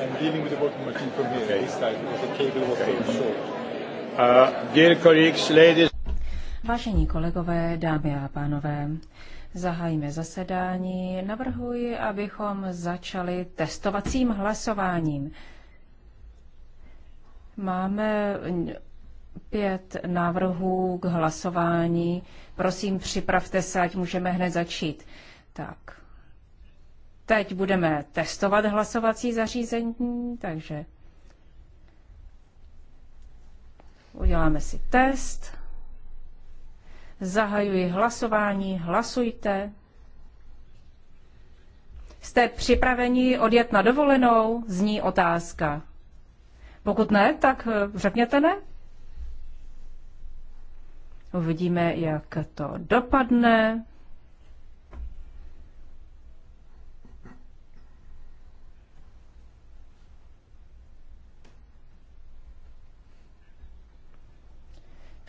and dealing with the working machine from here, okay. because the cable was okay. so short. Uh, dear colleagues, ladies. Vážení kolegové, dámy a pánové, zahájíme zasedání. Navrhuji, abychom začali testovacím hlasováním. Máme pět návrhů k hlasování. Prosím, připravte se, ať můžeme hned začít. Tak. Teď budeme testovat hlasovací zařízení, takže uděláme si test. Zahajuji hlasování, hlasujte. Jste připraveni odjet na dovolenou? Zní otázka. Pokud ne, tak eh, řekněte ne. Uvidíme, jak to dopadne.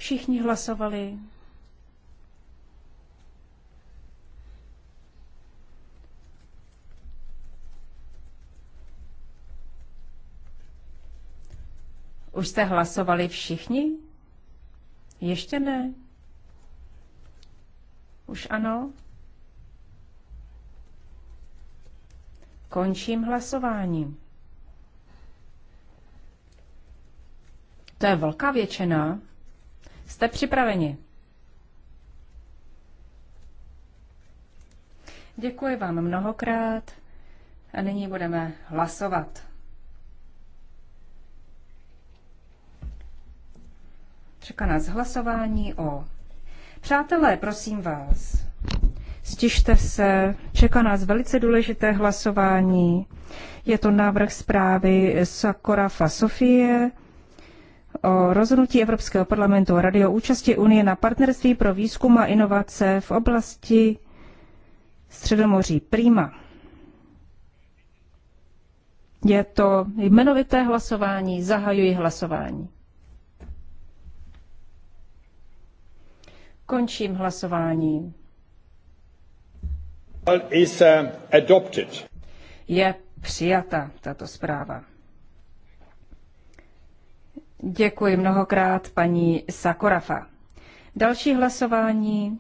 Všichni hlasovali. Už jste hlasovali všichni? Ještě ne? Už ano? Končím hlasování. To je velká většina. Jste připraveni? Děkuji vám mnohokrát a nyní budeme hlasovat. Čeká nás hlasování o... Přátelé, prosím vás, stižte se, čeká nás velice důležité hlasování. Je to návrh zprávy Sakorafa Sofie o rozhodnutí Evropského parlamentu a Rady o účasti Unie na partnerství pro výzkum a inovace v oblasti Středomoří Prima. Je to jmenovité hlasování, zahajuji hlasování. Končím hlasování. Is, uh, adopted. Je přijata tato zpráva. Děkuji mnohokrát paní Sakorafa. Další hlasování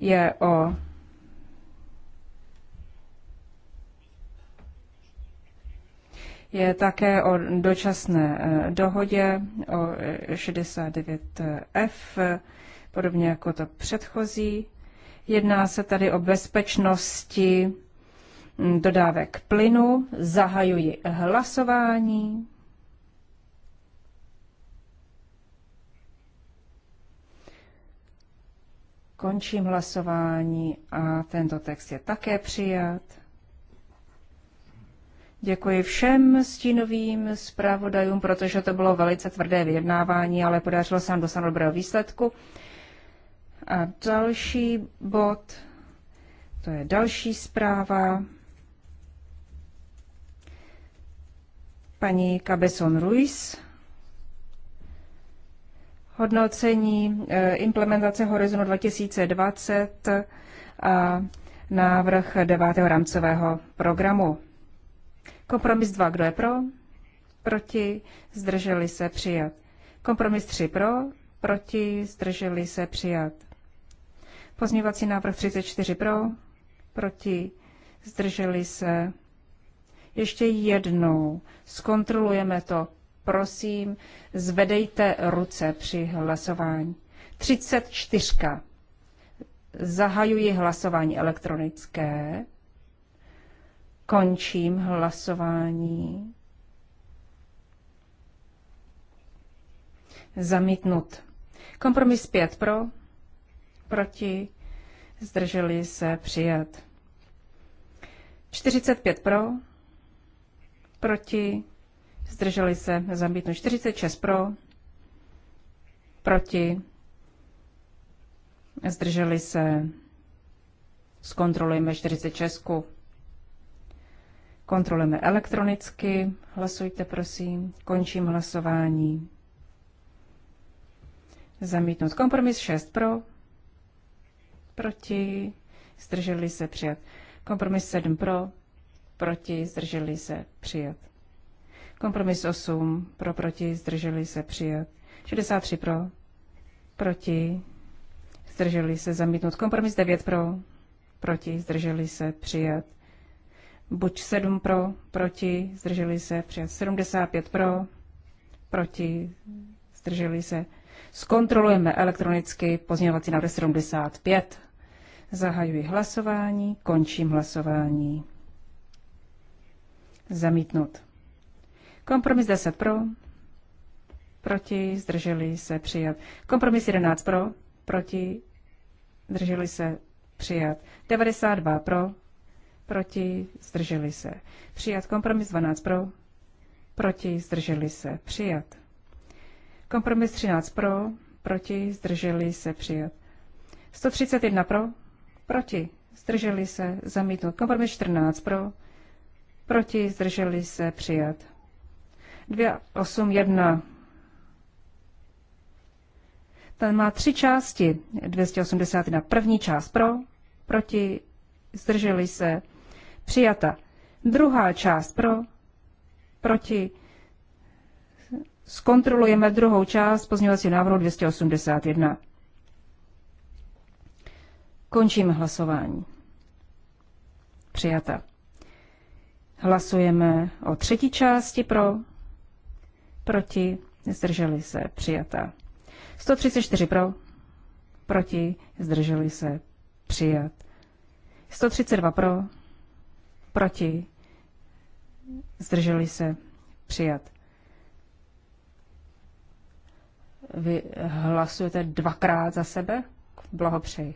je o je také o dočasné eh, dohodě o 69F, eh, podobně jako to předchozí. Jedná se tady o bezpečnosti mm, dodávek plynu. Zahajuji hlasování. Končím hlasování a tento text je také přijat. Děkuji všem stínovým zpravodajům, protože to bylo velice tvrdé vyjednávání, ale podařilo se nám dosáhnout dobrého výsledku. A další bod, to je další zpráva. Paní Cabezon Ruiz hodnocení eh, implementace Horizonu 2020 a návrh devátého rámcového programu. Kompromis 2, kdo je pro? Proti, zdrželi se přijat. Kompromis 3 pro, proti, zdrželi se přijat. Pozměvací návrh 34 pro, proti, zdrželi se. Ještě jednou zkontrolujeme to prosím, zvedejte ruce při hlasování. 34. Zahajuji hlasování elektronické. Končím hlasování. Zamítnut. Kompromis 5 pro, proti, zdrželi se přijat. 45 pro, proti, zdrželi se, zamítnu 46 pro, proti, zdrželi se, zkontrolujeme 46. Kontrolujeme elektronicky, hlasujte prosím, končím hlasování. Zamítnout kompromis 6 pro, proti, zdrželi se přijat. Kompromis 7 pro, proti, zdrželi se přijat. Kompromis 8 pro, proti, zdrželi se přijat. 63 pro, proti, zdrželi se zamítnout. Kompromis 9 pro, proti, zdrželi se přijat. Buď 7 pro, proti, zdrželi se přijat. 75 pro, proti, zdrželi se. Zkontrolujeme elektronicky pozměňovací návrh 75. Zahajuji hlasování, končím hlasování. Zamítnout. Kompromis 10 pro, proti, zdrželi se přijat. Kompromis 11 pro, proti, zdrželi se přijat. 92 pro, proti, zdrželi se přijat. Kompromis 12 pro, proti, zdrželi se přijat. Kompromis 13 pro, proti, zdrželi se přijat. 131 pro, proti, zdrželi se zamítnout. Kompromis 14 pro, proti, zdrželi se přijat. 281. Ten má tři části. 281. První část pro, proti, zdrželi se, přijata. Druhá část pro, proti, zkontrolujeme druhou část pozměňovacího návrhu 281. Končím hlasování. Přijata. Hlasujeme o třetí části pro, proti, zdrželi se, přijata. 134 pro, proti, zdrželi se, přijat. 132 pro, proti, zdrželi se, přijat. Vy hlasujete dvakrát za sebe? Blahopřeji.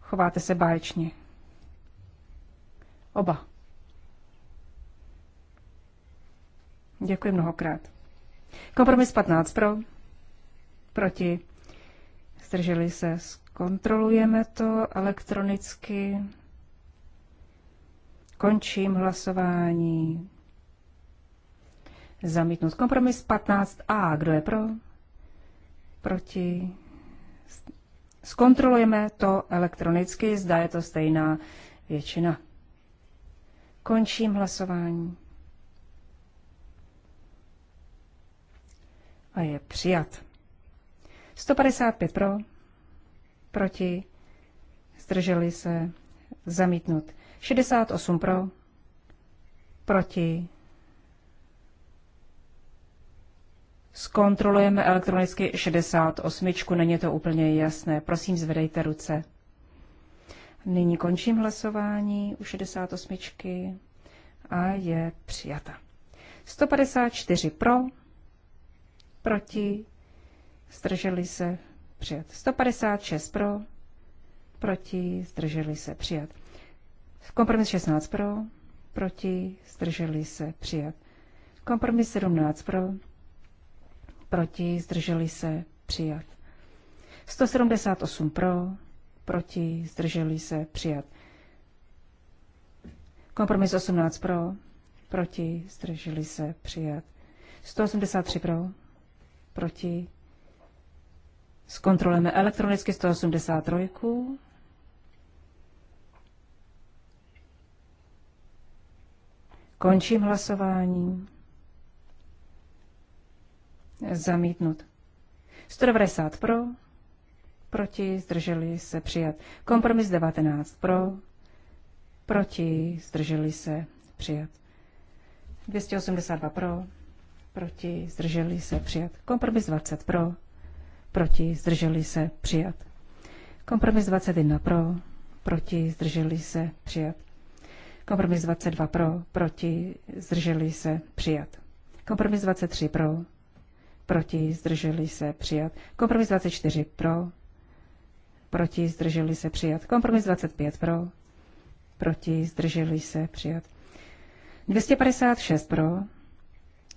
Chováte se báječně. Oba. Děkuji mnohokrát. Kompromis 15 pro, proti, zdrželi se, zkontrolujeme to elektronicky. Končím hlasování. Zamítnout kompromis 15a. Kdo je pro? Proti? Zkontrolujeme to elektronicky, zda je to stejná většina. Končím hlasování. a je přijat. 155 pro, proti, zdrželi se, zamítnut. 68 pro, proti, Zkontrolujeme elektronicky 68. Není to úplně jasné. Prosím, zvedejte ruce. Nyní končím hlasování u 68. A je přijata. 154 pro, proti, zdrželi se přijat. 156 pro, proti, zdrželi se přijat. Kompromis 16 pro, proti, zdrželi se přijat. Kompromis 17 pro, proti, zdrželi se přijat. 178 pro, proti, zdrželi se přijat. Kompromis 18 pro, proti, zdrželi se přijat. 183 pro, proti. Zkontrolujeme elektronicky 183. Končím hlasování. Zamítnut. 190 pro, proti, zdrželi se přijat. Kompromis 19 pro, proti, zdrželi se přijat. 282 pro, proti, zdrželi se přijat. Kompromis 20 pro, proti, zdrželi se přijat. Kompromis 21 pro, proti, zdrželi se přijat. Kompromis 22 pro, proti, zdrželi se přijat. Kompromis 23 pro, proti, zdrželi se přijat. Kompromis 24 pro, proti, zdrželi se přijat. Kompromis 25 pro, proti, zdrželi se přijat. 256 pro,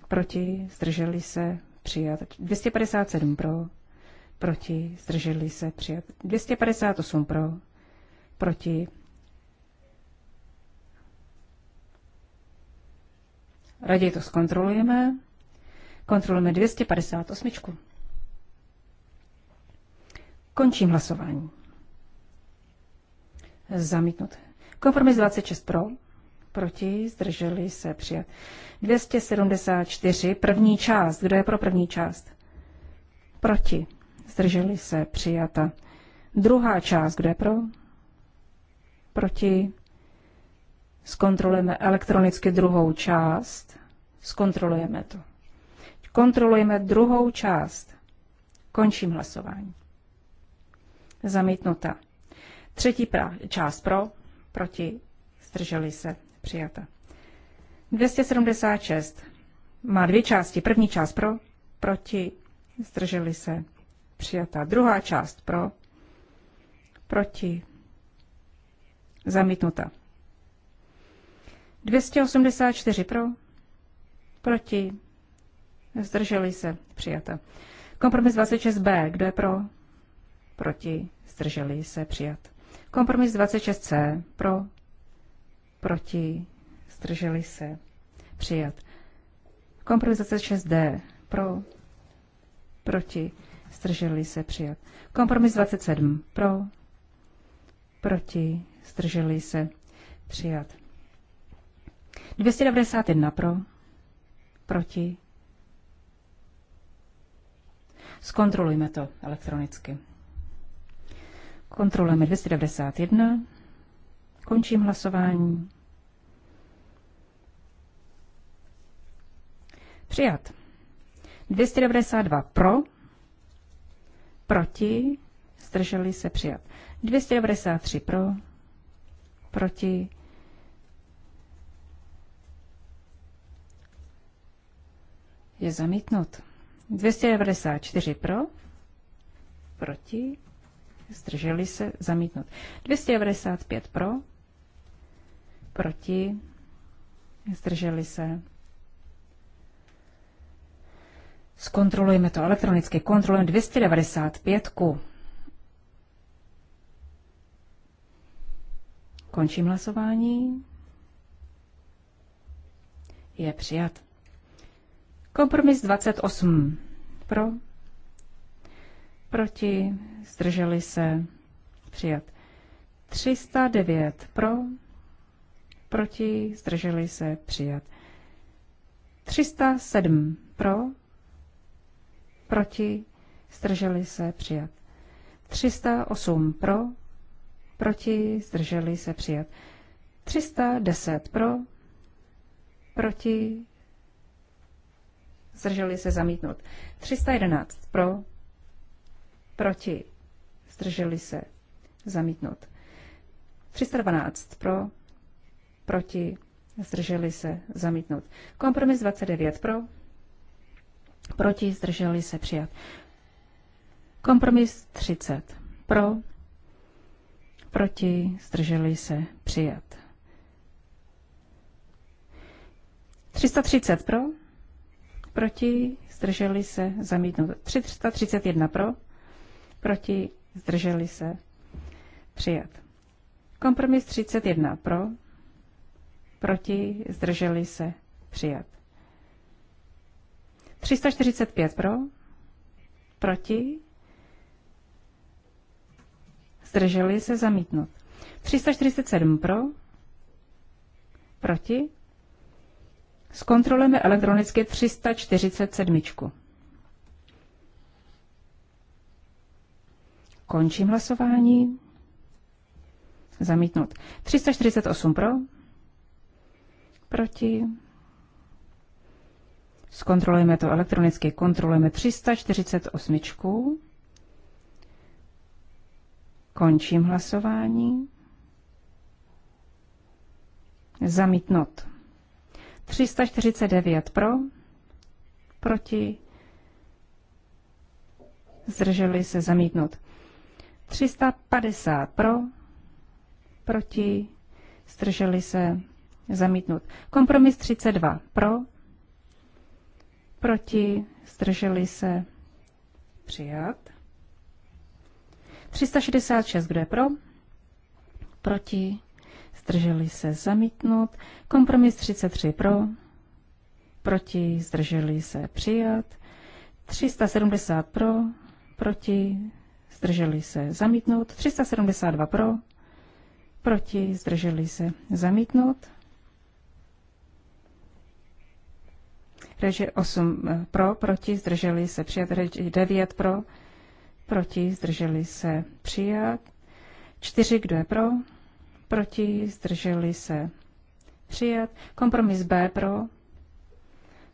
proti, zdrželi se, přijat. 257 pro, proti, zdrželi se, přijat. 258 pro, proti. Raději to zkontrolujeme. Kontrolujeme 258. Končím hlasování. Zamítnut. Kompromis 26 pro, Proti? Zdrželi se přijat. 274. První část. Kdo je pro první část? Proti? Zdrželi se přijata. Druhá část. Kdo je pro? Proti? Zkontrolujeme elektronicky druhou část. Zkontrolujeme to. Kontrolujeme druhou část. Končím hlasování. Zamítnuta. Třetí část pro, proti, zdrželi se. Přijata. 276 má dvě části. První část pro, proti, zdrželi se. Přijata. Druhá část pro, proti, zamítnuta. 284 pro, proti, zdrželi se. Přijata. Kompromis 26b. Kdo je pro? Proti. Zdrželi se. Přijat. Kompromis 26c. Pro proti, zdrželi se, přijat. Kompromisace 6D, pro, proti, zdrželi se, přijat. Kompromis 27, pro, proti, zdrželi se, přijat. 291 pro, proti. Zkontrolujme to elektronicky. Kontrolujeme 291. Končím hlasování. Přijat. 292 pro, proti, zdrželi se přijat. 293 pro, proti, je zamítnut. 294 pro, proti, zdrželi se, zamítnut. 295 pro, Proti? Zdrželi se? Zkontrolujeme to elektronicky. Kontrolujeme 295. -ku. Končím hlasování. Je přijat. Kompromis 28. Pro. Proti. Zdrželi se. Přijat. 309. Pro proti, zdrželi se, přijat. 307 pro, proti, zdrželi se, přijat. 308 pro, proti, zdrželi se, přijat. 310 pro, proti, zdrželi se, zamítnout. 311 pro, proti, zdrželi se, zamítnout. 312 pro, proti, zdrželi se, zamítnout. Kompromis 29 pro, proti, zdrželi se, přijat. Kompromis 30 pro, proti, zdrželi se, přijat. 330 pro, proti, zdrželi se, zamítnout. 331 pro, proti, zdrželi se, přijat. Kompromis 31 pro, proti, zdrželi se, přijat. 345 pro, proti, zdrželi se, zamítnut. 347 pro, proti, zkontrolujeme elektronicky 347. Končím hlasování. Zamítnout. 348 pro, Proti? Zkontrolujeme to elektronicky. Kontrolujeme 348. Končím hlasování. Zamítnut. 349 pro, proti, zdrželi se zamítnout. 350 pro, proti, zdrželi se Zamítnut. Kompromis 32. Pro. Proti. Zdrželi se. Přijat. 366. Kdo je pro? Proti. Zdrželi se. Zamítnut. Kompromis 33. Pro. Proti. Zdrželi se. Přijat. 370 pro. Proti. Zdrželi se. Zamítnout. 372 pro. Proti. Zdrželi se. Zamítnout. Reži 8 eh, pro, proti, zdrželi se přijat. Reži 9 pro, proti, zdrželi se přijat. 4, kdo je pro, proti, zdrželi se přijat. Kompromis B pro,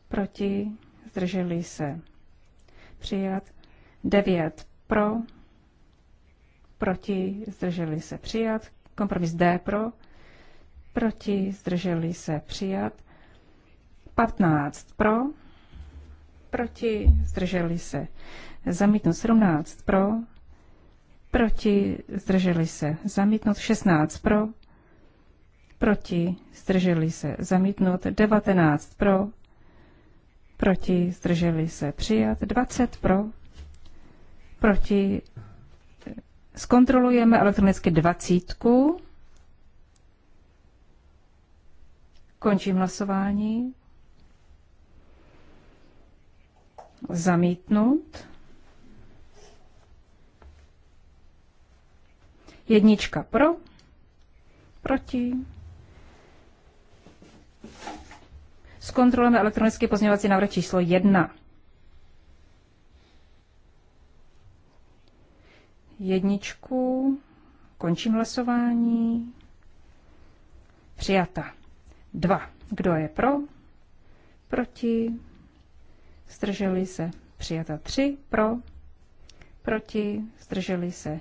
proti, zdrželi se přijat. 9 pro, proti, zdrželi se přijat. Kompromis D pro, proti, zdrželi se přijat. 15 pro, proti, zdrželi se. Zamítnout 17 pro, proti, zdrželi se. Zamítnout 16 pro, proti, zdrželi se. Zamítnout 19 pro, proti, zdrželi se. Přijat 20 pro, proti. Zkontrolujeme elektronicky 20. Končím hlasování. zamítnout Jednička pro, proti. Zkontrolujeme elektronický pozměňovací návrh číslo 1. Jedničku, končím hlasování. Přijata. Dva. Kdo je pro? Proti? zdrželi se přijata 3 pro, proti, zdrželi se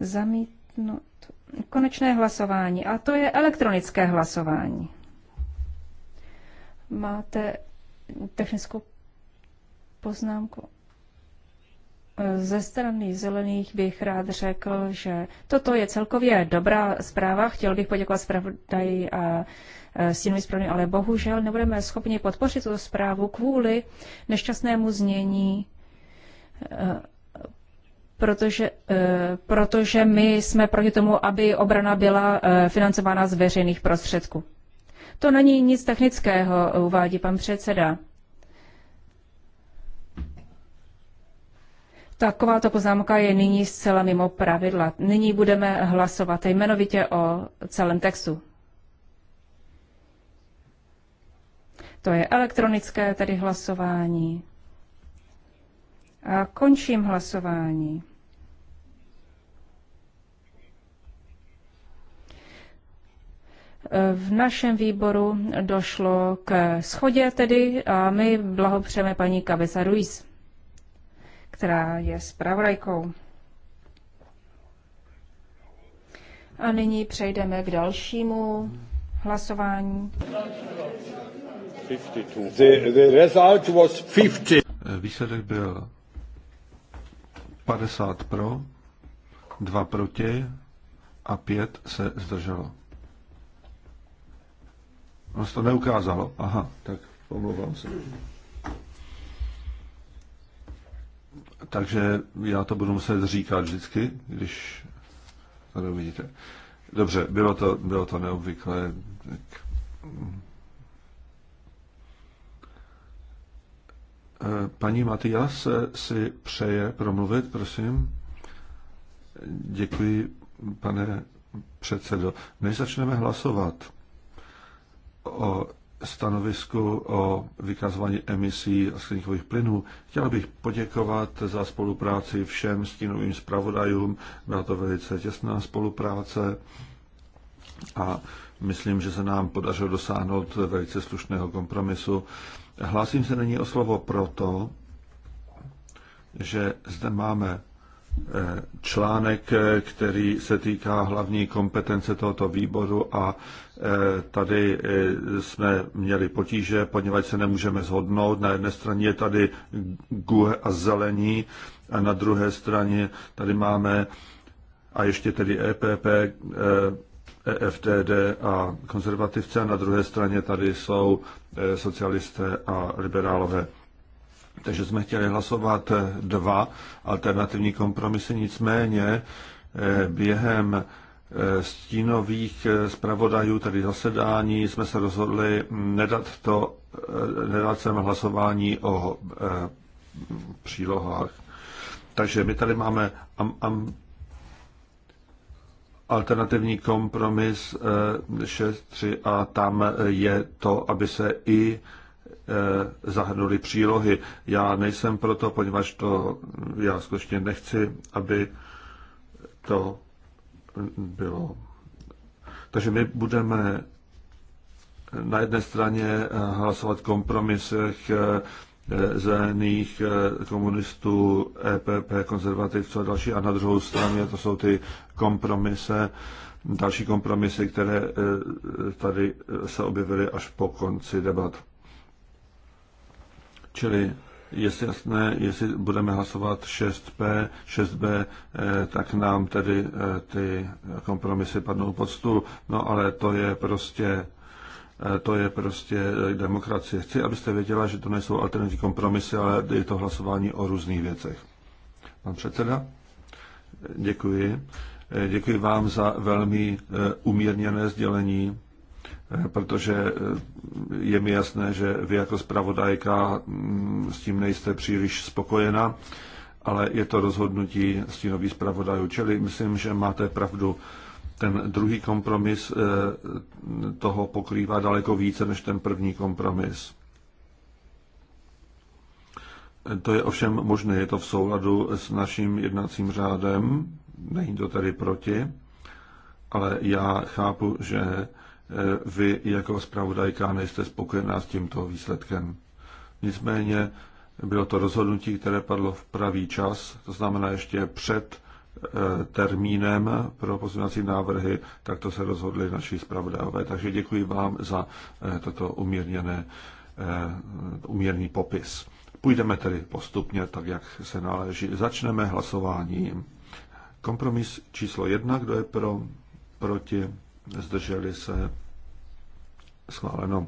zamítnout. Konečné hlasování, a to je elektronické hlasování. Máte technickou poznámku? Ze strany zelených bych rád řekl, že toto je celkově dobrá zpráva. Chtěl bych poděkovat zpravodaji a stínový zprávy, ale bohužel nebudeme schopni podpořit tuto zprávu kvůli nešťastnému znění, e, protože, e, protože my jsme proti tomu, aby obrana byla e, financována z veřejných prostředků. To není nic technického, uvádí pan předseda. Takováto poznámka je nyní zcela mimo pravidla. Nyní budeme hlasovat jmenovitě o celém textu. To je elektronické tedy hlasování. A končím hlasování. V našem výboru došlo k schodě tedy a my blahopřejeme paní Kabeza Ruiz která je zpravodajkou. A nyní přejdeme k dalšímu hlasování. The, the result was 50. Výsledek byl 50 pro, 2 proti a 5 se zdrželo. Ono se to neukázalo. Aha, tak pomluvám se. Takže já to budu muset říkat vždycky, když to vidíte. Dobře, bylo to, bylo to neobvyklé. Tak... Eh, paní Matias si přeje promluvit, prosím. Děkuji, pane předsedo. My začneme hlasovat o stanovisku o vykazování emisí skleníkových plynů. Chtěl bych poděkovat za spolupráci všem stínovým zpravodajům. Byla to velice těsná spolupráce a myslím, že se nám podařilo dosáhnout velice slušného kompromisu. Hlásím se není o slovo proto, že zde máme článek, který se týká hlavní kompetence tohoto výboru a e, tady e, jsme měli potíže, poněvadž se nemůžeme zhodnout. Na jedné straně je tady GUE a zelení a na druhé straně tady máme a ještě tedy EPP, EFTD e a konzervativce a na druhé straně tady jsou socialisté a liberálové takže jsme chtěli hlasovat eh, dva alternativní kompromisy, nicméně eh, během eh, stínových zpravodajů, tedy zasedání, jsme se rozhodli nedat, to, nedat sem hlasování o přílohách. Takže my tady máme am, am, alternativní kompromis 6.3 a tam je to, aby se i Eh, zahrnuli přílohy. Já nejsem proto, poněvadž to já skutečně nechci, aby to bylo. Takže my budeme na jedné straně hlasovat kompromisech eh, zelených eh, komunistů, EPP, konzervativců a další, a na druhou straně to jsou ty kompromise, další kompromisy, které tady se objevily až po konci debat. Čili je jasné, jestli budeme hlasovat 6P, 6B, eh, tak nám tedy eh, ty kompromisy padnou pod stůl. No ale to je prostě eh, to je prostě demokracie. Chci, abyste věděla, že to nejsou alternativní kompromisy, ale je to hlasování o různých věcech. Pan předseda, děkuji. Děkuji vám za velmi umírněné sdělení protože eh, je mi jasné, že vy jako zpravodajka mm, s tím nejste příliš spokojena, ale je to rozhodnutí stínových zpravodajů. Čili myslím, že máte pravdu. Ten druhý kompromis eh, toho pokrývá daleko více než ten první kompromis. To je ovšem možné, je to v souladu s naším jednacím řádem, není to tady proti, ale já chápu, že Eh, vy jako zpravodajka nejste spokojená s tímto výsledkem. Nicméně bylo to rozhodnutí, které padlo v pravý čas, to znamená ještě před eh, termínem pro pozměňovací návrhy, tak to se rozhodli naši zpravodajové. Takže děkuji vám za eh, toto umírněné, umírný popis. Půjdeme tedy postupně, tak jak se náleží. Začneme hlasováním. Kompromis číslo jedna, kdo je pro, proti, zdrželi se schváleno.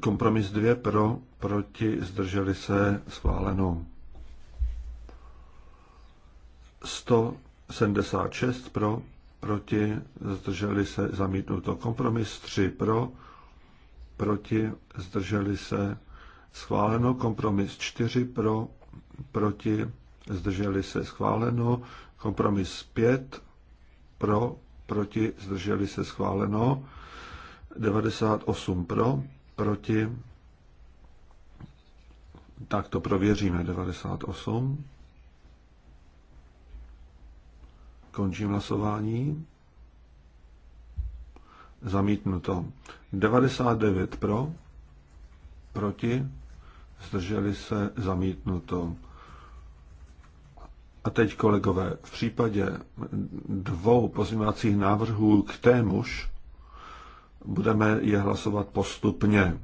Kompromis 2 pro, proti, zdrželi se schváleno. 176 pro, proti, zdrželi se zamítnuto. Kompromis 3 pro, proti, zdrželi se schváleno. Kompromis 4 pro, proti, zdrželi se schváleno. Kompromis 5 pro, proti, zdrželi se schváleno, 98 pro, proti, tak to prověříme, 98. Končím hlasování. Zamítnuto. 99 pro, proti, zdrželi se, zamítnuto. A teď, kolegové, v případě dvou pozměňovacích návrhů k témuž budeme je hlasovat postupně.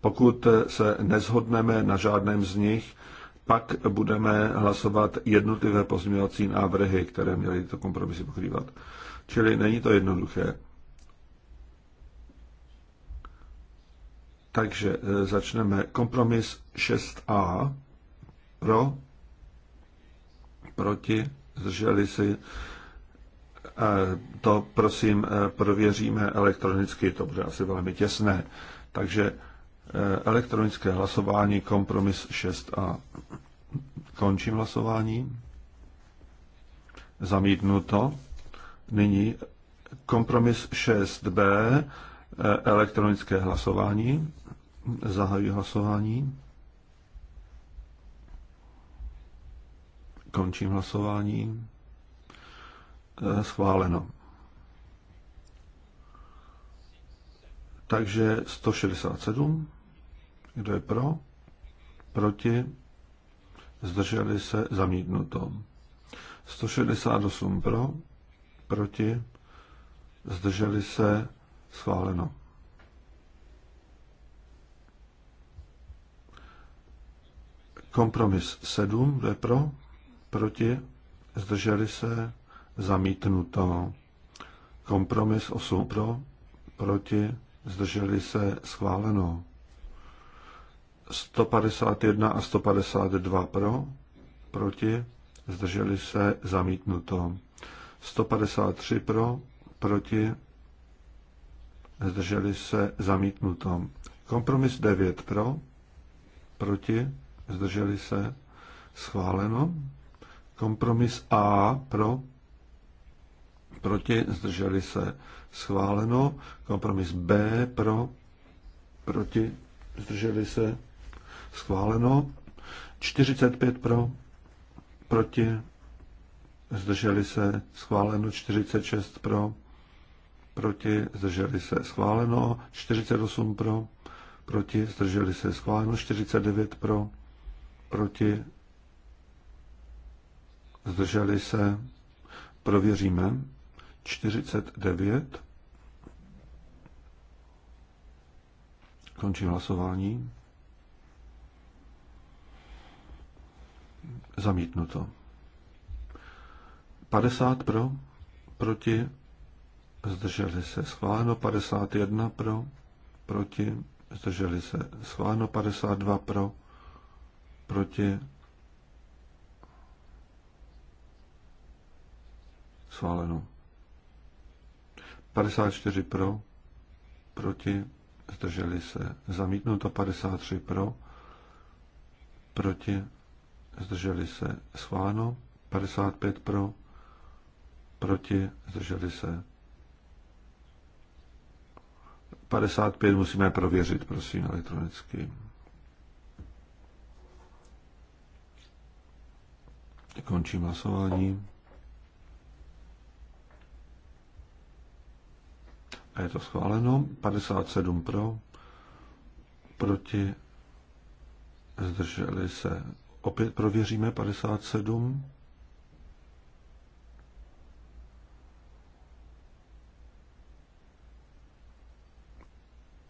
Pokud se nezhodneme na žádném z nich, pak budeme hlasovat jednotlivé pozměňovací návrhy, které měly to kompromisy pokrývat. Čili není to jednoduché. Takže e, začneme kompromis 6a pro proti, zdrželi si. E, to prosím e, prověříme elektronicky, to bude asi velmi těsné. Takže e, elektronické hlasování, kompromis 6a. Končím hlasování. Zamítnuto. Nyní kompromis 6b, elektronické hlasování. Zahajuji hlasování. Končím hlasování. Eh, schváleno. Takže 167. Kdo je pro? Proti? Zdrželi se? Zamítnuto. 168 pro? Proti? Zdrželi se? Schváleno. Kompromis 7, kdo je pro? proti, zdrželi se, zamítnuto. Kompromis 8 pro, proti, zdrželi se, schváleno. 151 a 152 pro, proti, zdrželi se, zamítnuto. 153 pro, proti, zdrželi se, zamítnuto. Kompromis 9 pro, proti, zdrželi se, schváleno. Kompromis A pro, proti, zdrželi se schváleno. Kompromis B pro, proti, zdrželi se schváleno. 45 pro, proti, zdrželi se schváleno. 46 pro, proti, zdrželi se schváleno. 48 pro, proti, zdrželi se schváleno. 49 pro, proti, zdrželi se, prověříme, 49, končím hlasování, zamítnuto. 50 pro, proti, zdrželi se, schváleno 51 pro, proti, zdrželi se, schváleno 52 pro, proti, Schváleno. 54 pro, proti, zdrželi se. Zamítnuto 53 pro, proti, zdrželi se. Schváleno. 55 pro, proti, zdrželi se. 55 musíme prověřit, prosím, elektronicky. Končím hlasování. A je to schváleno. 57 pro, proti, zdrželi se. Opět prověříme 57.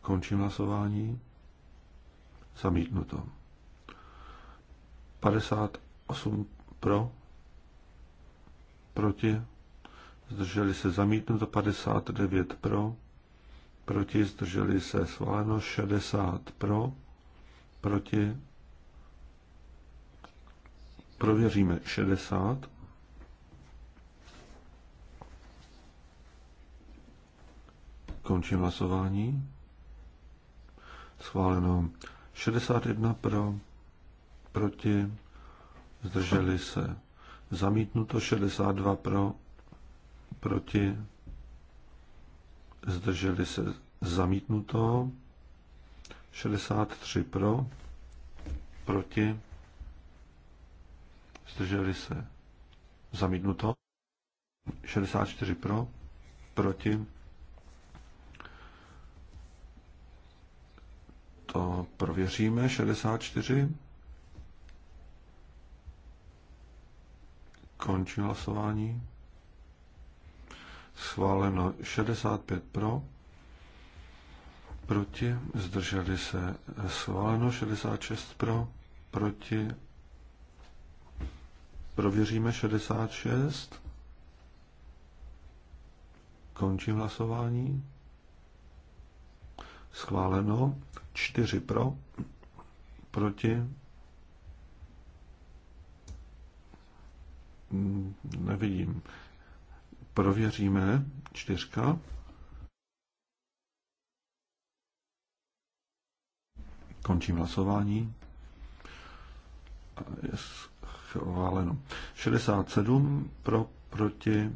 Končím hlasování. Zamítnuto. 58 pro, proti, zdrželi se zamítnuto 59 pro, proti zdrželi se schváleno 60 pro, proti prověříme 60. Končím hlasování. Schváleno 61 pro, proti, zdrželi se. Zamítnuto 62 pro, proti, zdrželi se zamítnuto, 63 pro, proti, zdrželi se zamítnuto, 64 pro, proti, to prověříme, 64, končí hlasování schváleno 65 pro, proti, zdrželi se schváleno 66 pro, proti, prověříme 66, končím hlasování, schváleno 4 pro, proti, nevidím. Prověříme. Čtyřka. Končím hlasování. Je schváleno. 67 pro, proti,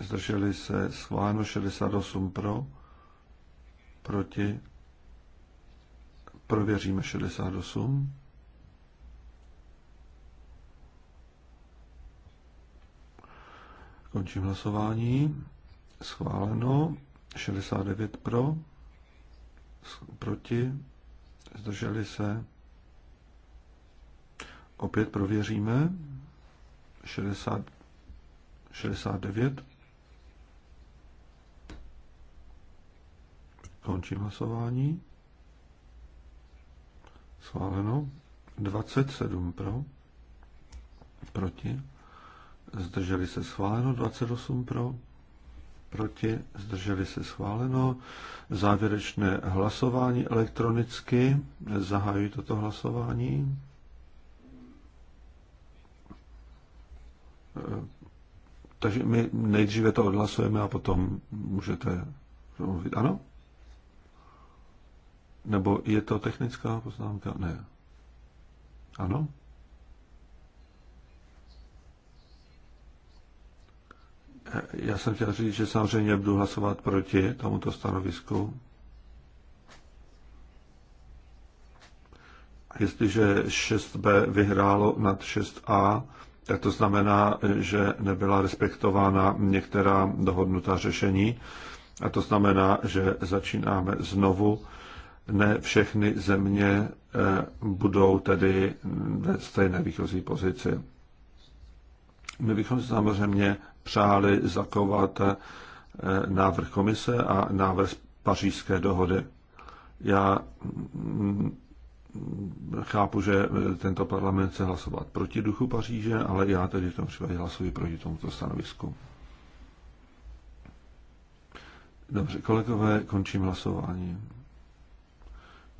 zdrželi se, schváleno 68 pro, proti, prověříme 68. Končím hlasování. Schváleno. 69 pro. Proti. Zdrželi se. Opět prověříme. 60, 69. Končím hlasování. Schváleno. 27 pro. Proti zdrželi se schváleno, 28 pro, proti, zdrželi se schváleno. Závěrečné hlasování elektronicky, zahajuji toto hlasování. E, takže my nejdříve to odhlasujeme a potom můžete mluvit. Ano? Nebo je to technická poznámka? Ne. Ano? Já jsem chtěl říct, že samozřejmě budu hlasovat proti tomuto stanovisku. Jestliže 6b vyhrálo nad 6a, tak to znamená, že nebyla respektována některá dohodnutá řešení. A to znamená, že začínáme znovu. Ne všechny země eh, budou tedy ve stejné výchozí pozici. My bychom samozřejmě přáli zakovat eh, návrh komise a návrh pařížské dohody. Já mm, chápu, že eh, tento parlament chce hlasovat proti duchu Paříže, ale já tedy v tom případě hlasuji proti tomuto stanovisku. Dobře, kolegové, končím hlasování.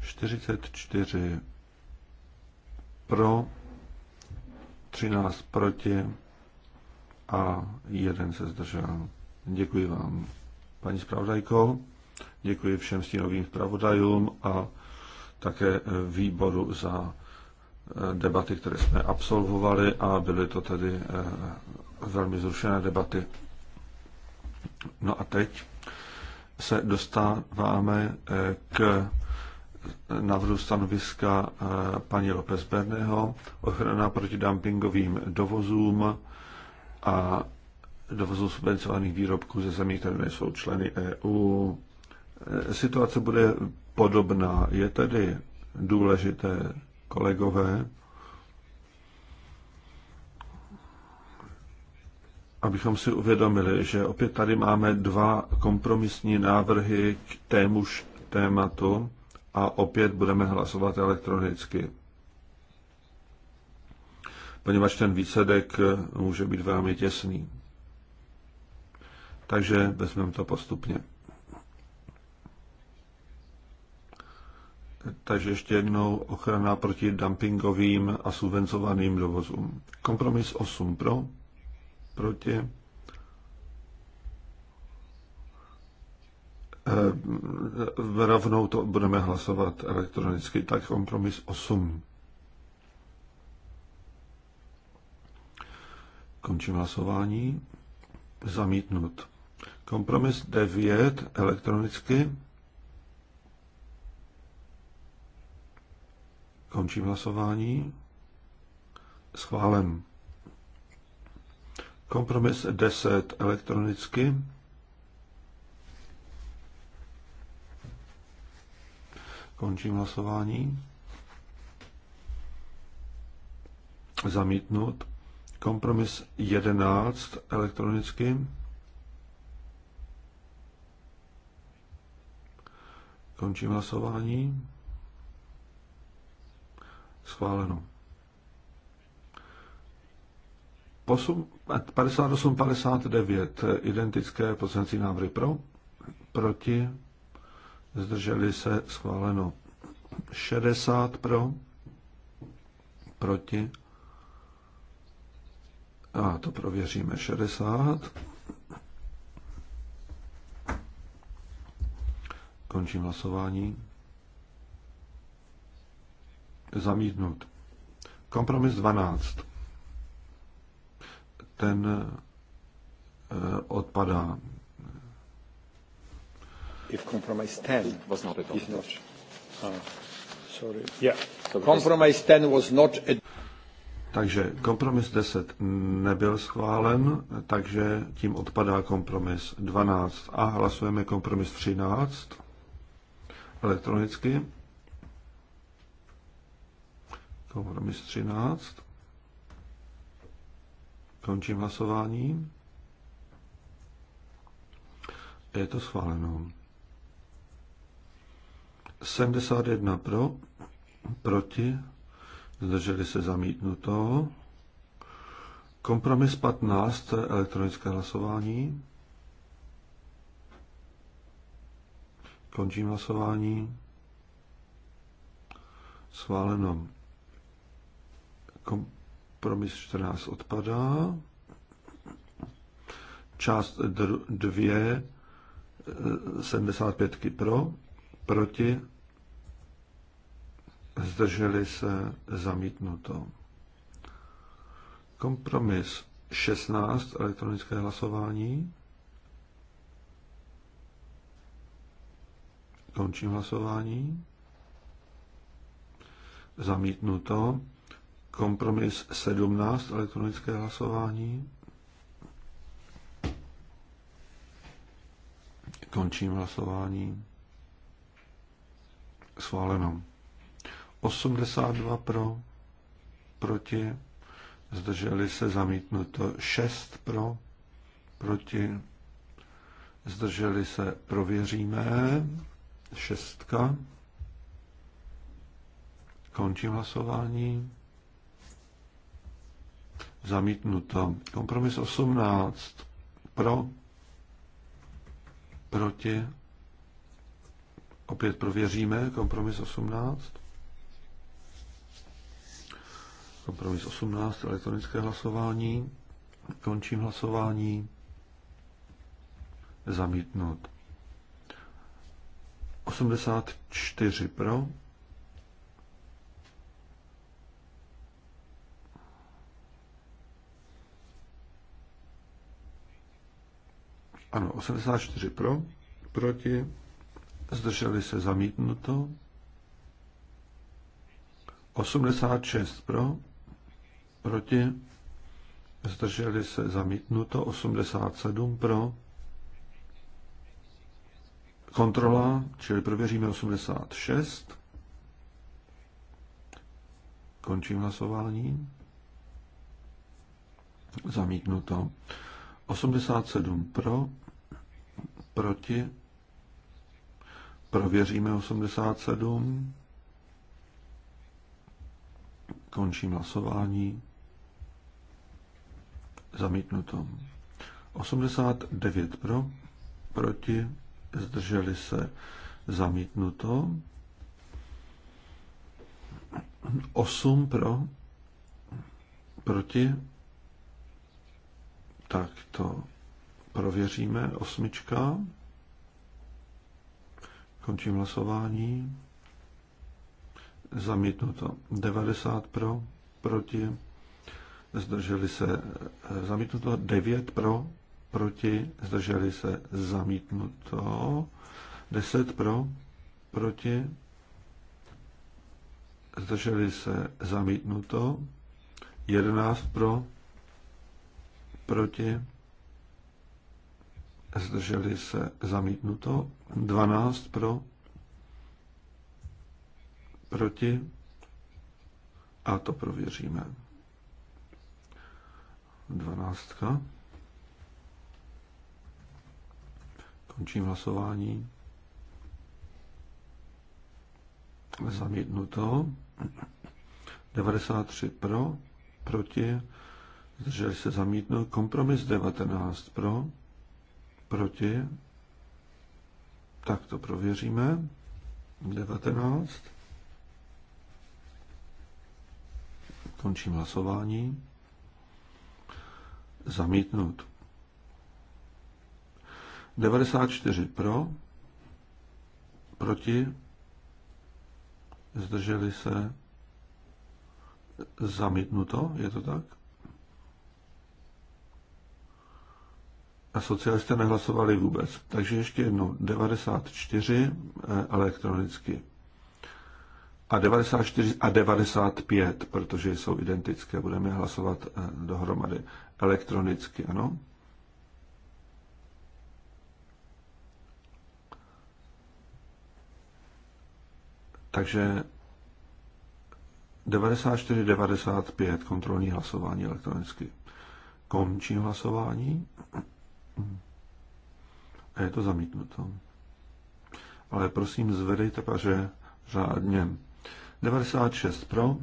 44 pro, 13 proti, a jeden se zdržel. Děkuji vám, paní zpravodajko, děkuji všem stínovým zpravodajům a také výboru za eh, debaty, které jsme absolvovali a byly to tedy eh, velmi zrušené debaty. No a teď se dostáváme eh, k návrhu stanoviska paní López Berného, ochrana proti dumpingovým dovozům a dovozu subvencovaných výrobků ze zemí, které nejsou členy EU. E, situace bude podobná. Je tedy důležité, kolegové, abychom si uvědomili, že opět tady máme dva kompromisní návrhy k témuž tématu a opět budeme hlasovat elektronicky poněvadž ten výsledek eh, může být velmi těsný. Takže vezmeme to postupně. Takže ještě jednou ochrana proti dumpingovým a subvencovaným dovozům. Kompromis 8 pro, proti. E, rovnou to budeme hlasovat elektronicky, tak kompromis 8. Končím hlasování. Zamítnut. Kompromis 9 elektronicky. Končím hlasování. Schválen. Kompromis 10 elektronicky. Končím hlasování. Zamítnut. Kompromis 11 elektronicky. Končím hlasování. Schváleno. 58-59 identické poslanci návrhy pro, proti, zdrželi se, schváleno. 60 pro, proti, a to prověříme 60. Končím hlasování. Zamítnut. Kompromis 12. Ten eh, odpadá. If compromise 10 was not adopted. Uh, sorry. Yeah. So compromise 10 was not adopted. Ah, takže kompromis 10 nebyl schválen, takže tím odpadá kompromis 12 a hlasujeme kompromis 13 elektronicky. Kompromis 13. Končím hlasování. Je to schváleno. 71 pro, proti zdrželi se zamítnuto. Kompromis 15, elektronické hlasování. Končím hlasování. Sváleno. Kompromis 14 odpadá. Část 2, 75 eh, pro, proti, zdrželi se zamítnuto. Kompromis 16, elektronické hlasování. Končím hlasování. Zamítnuto. Kompromis 17, elektronické hlasování. Končím hlasování. Schváleno. 82 pro, proti, zdrželi se zamítnuto 6 pro, proti, zdrželi se prověříme, šestka, končím hlasování, zamítnuto, kompromis 18 pro, proti, opět prověříme, kompromis 18, Kompromis 18, elektronické hlasování. Končím hlasování. Zamítnout. 84 pro. Ano, 84 pro, proti, zdrželi se zamítnuto, 86 pro, proti, zdrželi se zamítnuto, 87 pro, kontrola, čili prověříme 86, končím hlasování, zamítnuto, 87 pro, proti, prověříme 87, končím hlasování, Zamítnuto. 89 pro, proti, zdrželi se. Zamítnuto. 8 pro, proti, tak to prověříme. Osmička. Končím hlasování. Zamítnuto. 90 pro, proti zdrželi se eh, zamítnuto, 9 pro, proti, zdrželi se zamítnuto, 10 pro, proti, zdrželi se zamítnuto, 11 pro, proti, zdrželi se zamítnuto, 12 pro, proti, a to prověříme. 12. Končím hlasování. Zamítnuto. 93 pro, proti, zdrželi se zamítnout. Kompromis 19 pro, proti. Tak to prověříme. 19. Končím hlasování zamítnout. 94 pro, proti, zdrželi se, zamítnuto, je to tak? A socialisté nehlasovali vůbec. Takže ještě jednou 94 eh, elektronicky. A 94 a 95, protože jsou identické, budeme hlasovat eh, dohromady elektronicky, ano? Takže 94-95 kontrolní hlasování elektronicky. Končím hlasování a je to zamítnuto. Ale prosím, zvedejte paže řádně. 96 pro,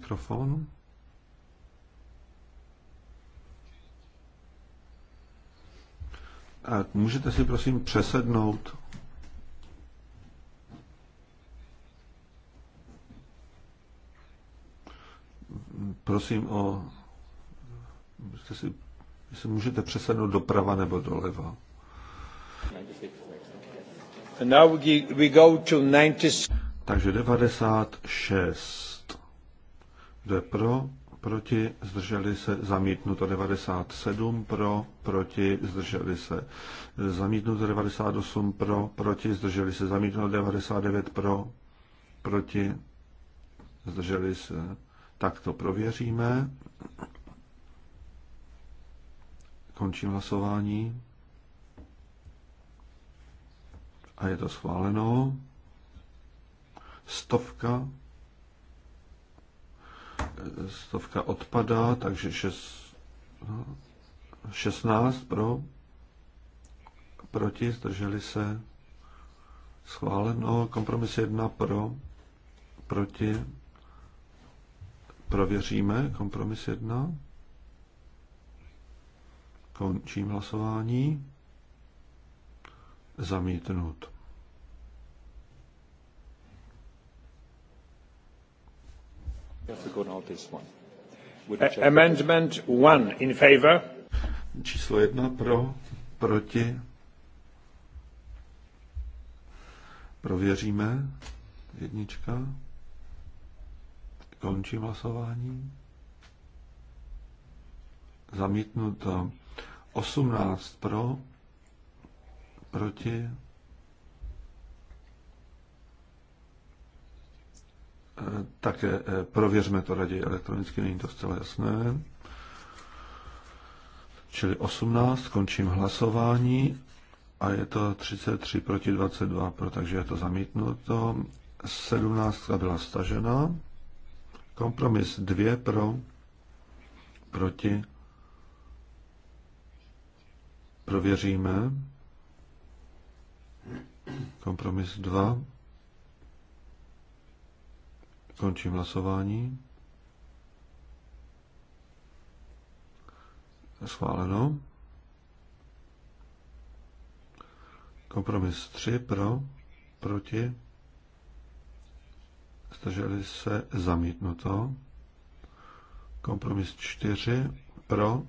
mikrofonu. A můžete si prosím přesednout. Prosím o... Můžete si, jestli můžete přesednout doprava nebo doleva. And now we go to 90... Takže 96. Kdo je pro? Proti? Zdrželi se? Zamítnuto 97 pro, proti? Zdrželi se? Zamítnuto 98 pro, proti? Zdrželi se? Zamítnuto 99 pro, proti? Zdrželi se? Tak to prověříme. Končím hlasování. A je to schváleno. Stovka stovka odpadá, takže 16 no, pro, proti, zdrželi se, schváleno, kompromis 1 pro, proti, prověříme, kompromis 1, končím hlasování, zamítnut. Amendment 1 in favor. Číslo 1 pro, proti. Prověříme. Jednička. Končím hlasování. Zamítnuto. 18 pro, proti také eh, prověřme to raději elektronicky, není to zcela jasné. Čili 18, končím hlasování a je to 33 proti 22, pro, takže je to zamítnuto. 17 byla stažena. Kompromis 2 pro, proti. Prověříme. Kompromis 2. Končím hlasování. Schváleno. Kompromis 3 pro, proti. Zdrželi se zamítnuto. Kompromis 4 pro,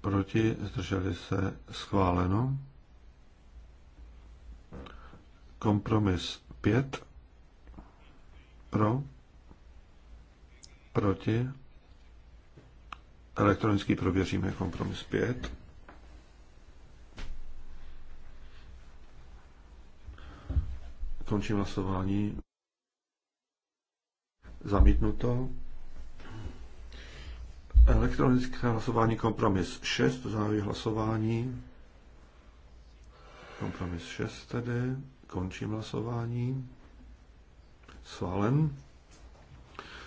proti, zdrželi se schváleno. Kompromis 5 pro. Proti. Elektronicky prověříme kompromis 5. Končím hlasování. Zamítnuto. Elektronické hlasování kompromis 6, zahajuji hlasování. Kompromis 6 tedy, končím hlasování. Schválen.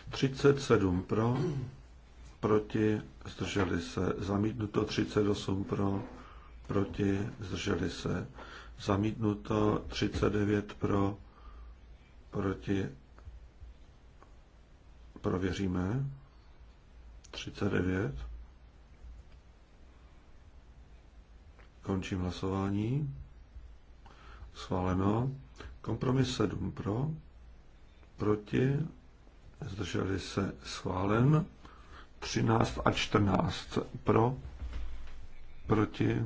37 pro, proti, zdrželi se, zamítnuto 38 pro, proti, zdrželi se, zamítnuto 39 pro, proti, prověříme, 39, končím hlasování, schváleno, kompromis 7 pro, proti, zdrželi se schválen, 13 a 14 pro, proti,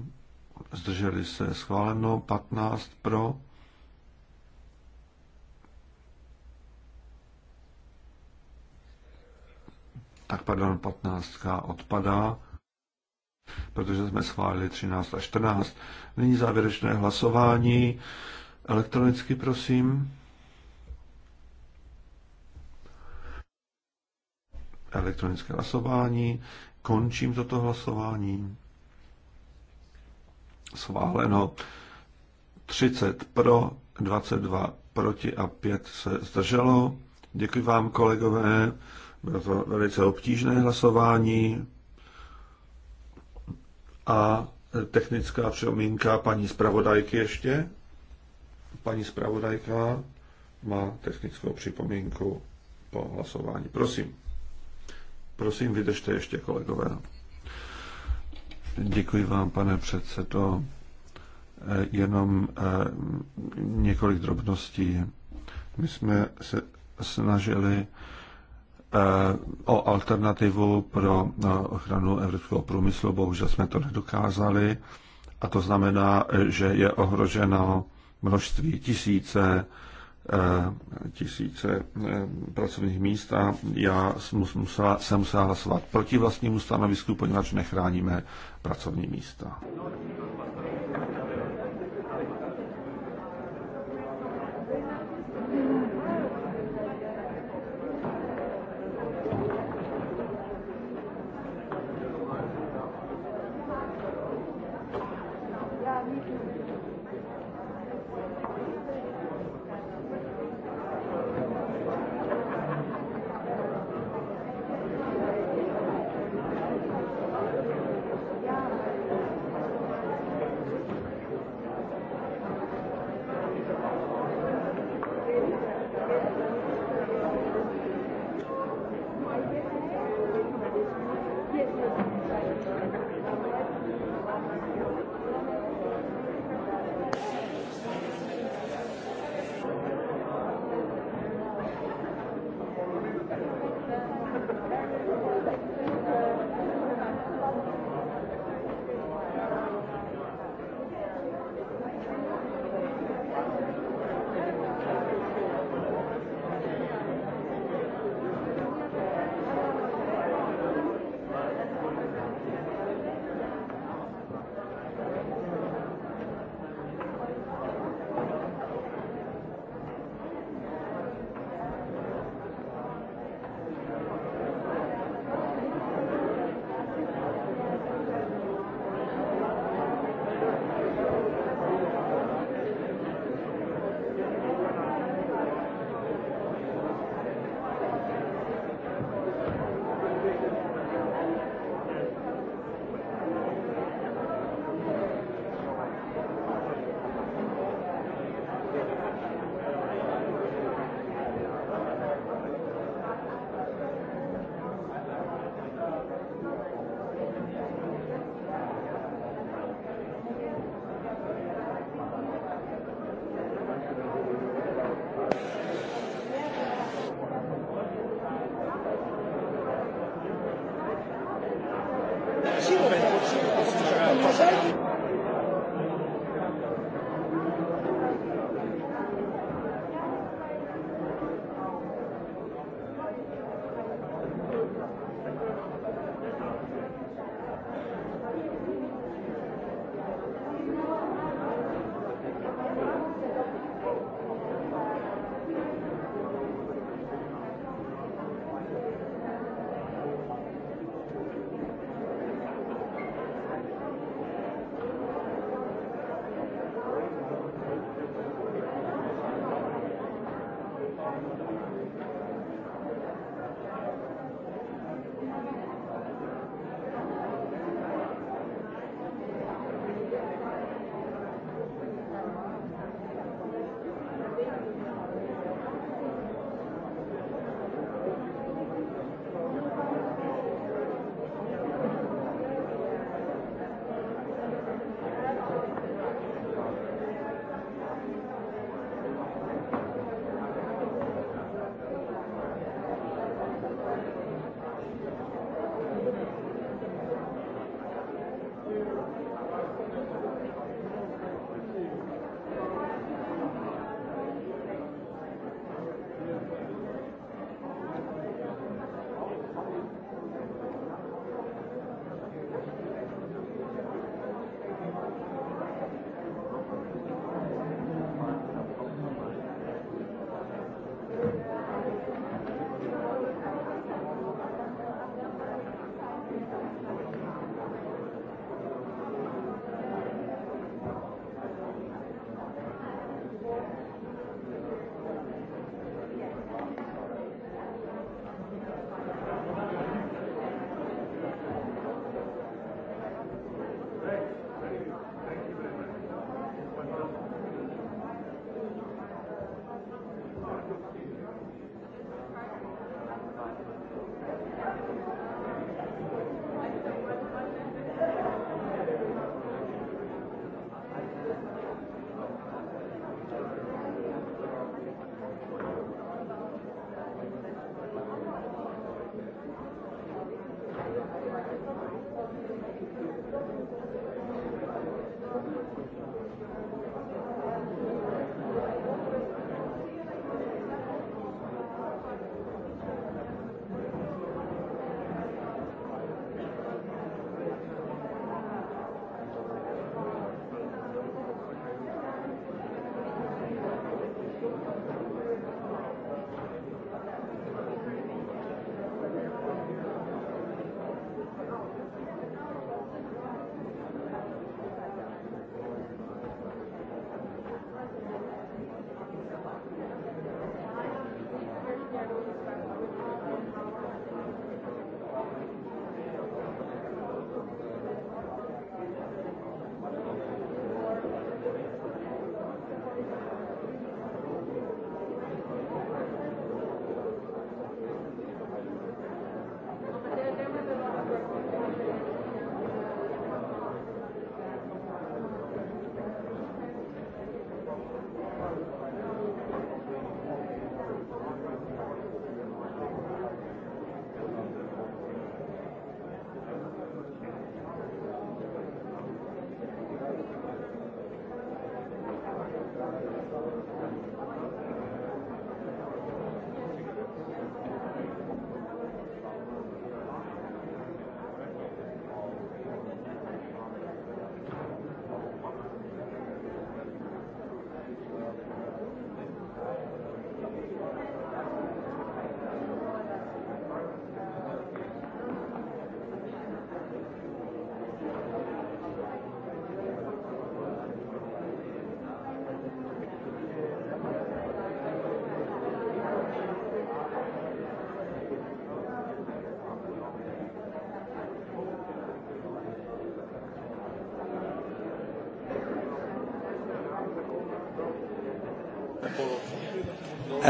zdrželi se schváleno, 15 pro, tak pardon, 15 odpadá, protože jsme schválili 13 a 14. Nyní závěrečné hlasování. Elektronicky prosím. elektronické hlasování. Končím toto hlasování. Schváleno 30 pro, 22 proti a 5 se zdrželo. Děkuji vám, kolegové. Bylo to velice obtížné hlasování. A technická připomínka paní zpravodajky ještě. Paní zpravodajka má technickou připomínku po hlasování. Prosím. Prosím, vydržte ještě, kolegové. Děkuji vám, pane předsedo. Eh, jenom eh, několik drobností. My jsme se snažili eh, o alternativu pro ochranu evropského průmyslu, bohužel jsme to nedokázali. A to znamená, že je ohroženo množství tisíce Eh, tisíce eh, pracovních míst a já musela, jsem musel hlasovat proti vlastnímu stanovisku, poněvadž nechráníme pracovní místa.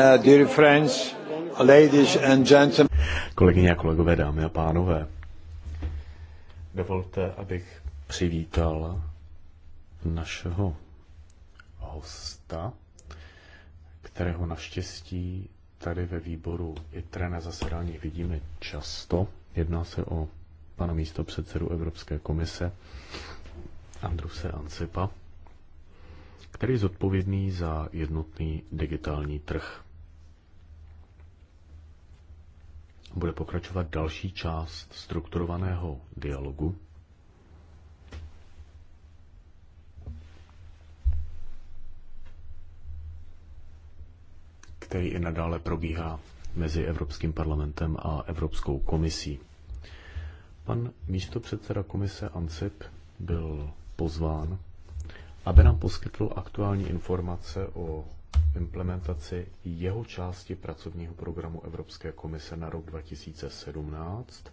Uh, dear friends, ladies and gentlemen. Kolegyně a kolegové, dámy a pánové, dovolte, abych přivítal našeho hosta, kterého naštěstí tady ve výboru i na zasedání vidíme často. Jedná se o pana místo předsedu Evropské komise Andruse Ancipa, který je zodpovědný za jednotný digitální trh. bude pokračovat další část strukturovaného dialogu. který i nadále probíhá mezi Evropským parlamentem a Evropskou komisí. Pan místopředseda komise ANCIP byl pozván, aby nám poskytl aktuální informace o implementaci jeho části pracovního programu Evropské komise na rok 2017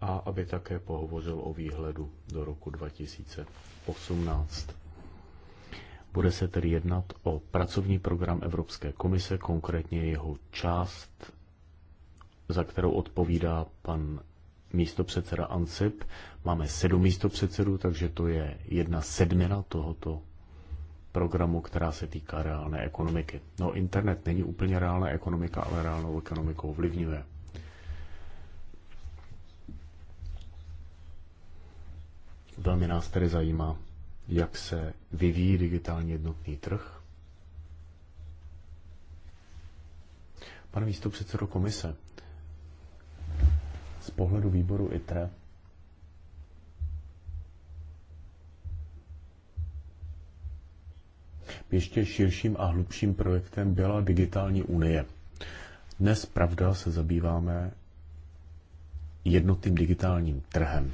a aby také pohovořil o výhledu do roku 2018. Bude se tedy jednat o pracovní program Evropské komise, konkrétně jeho část, za kterou odpovídá pan místopředseda ANSIP. Máme sedm místopředsedů, takže to je jedna sedmina tohoto programu, která se týká reálné ekonomiky. No, internet není úplně reálná ekonomika, ale reálnou ekonomikou vlivňuje. Velmi nás tedy zajímá, jak se vyvíjí digitální jednotný trh. Pane místo předsedo komise, z pohledu výboru ITRE ještě širším a hlubším projektem byla digitální unie. Dnes, pravda, se zabýváme jednotným digitálním trhem.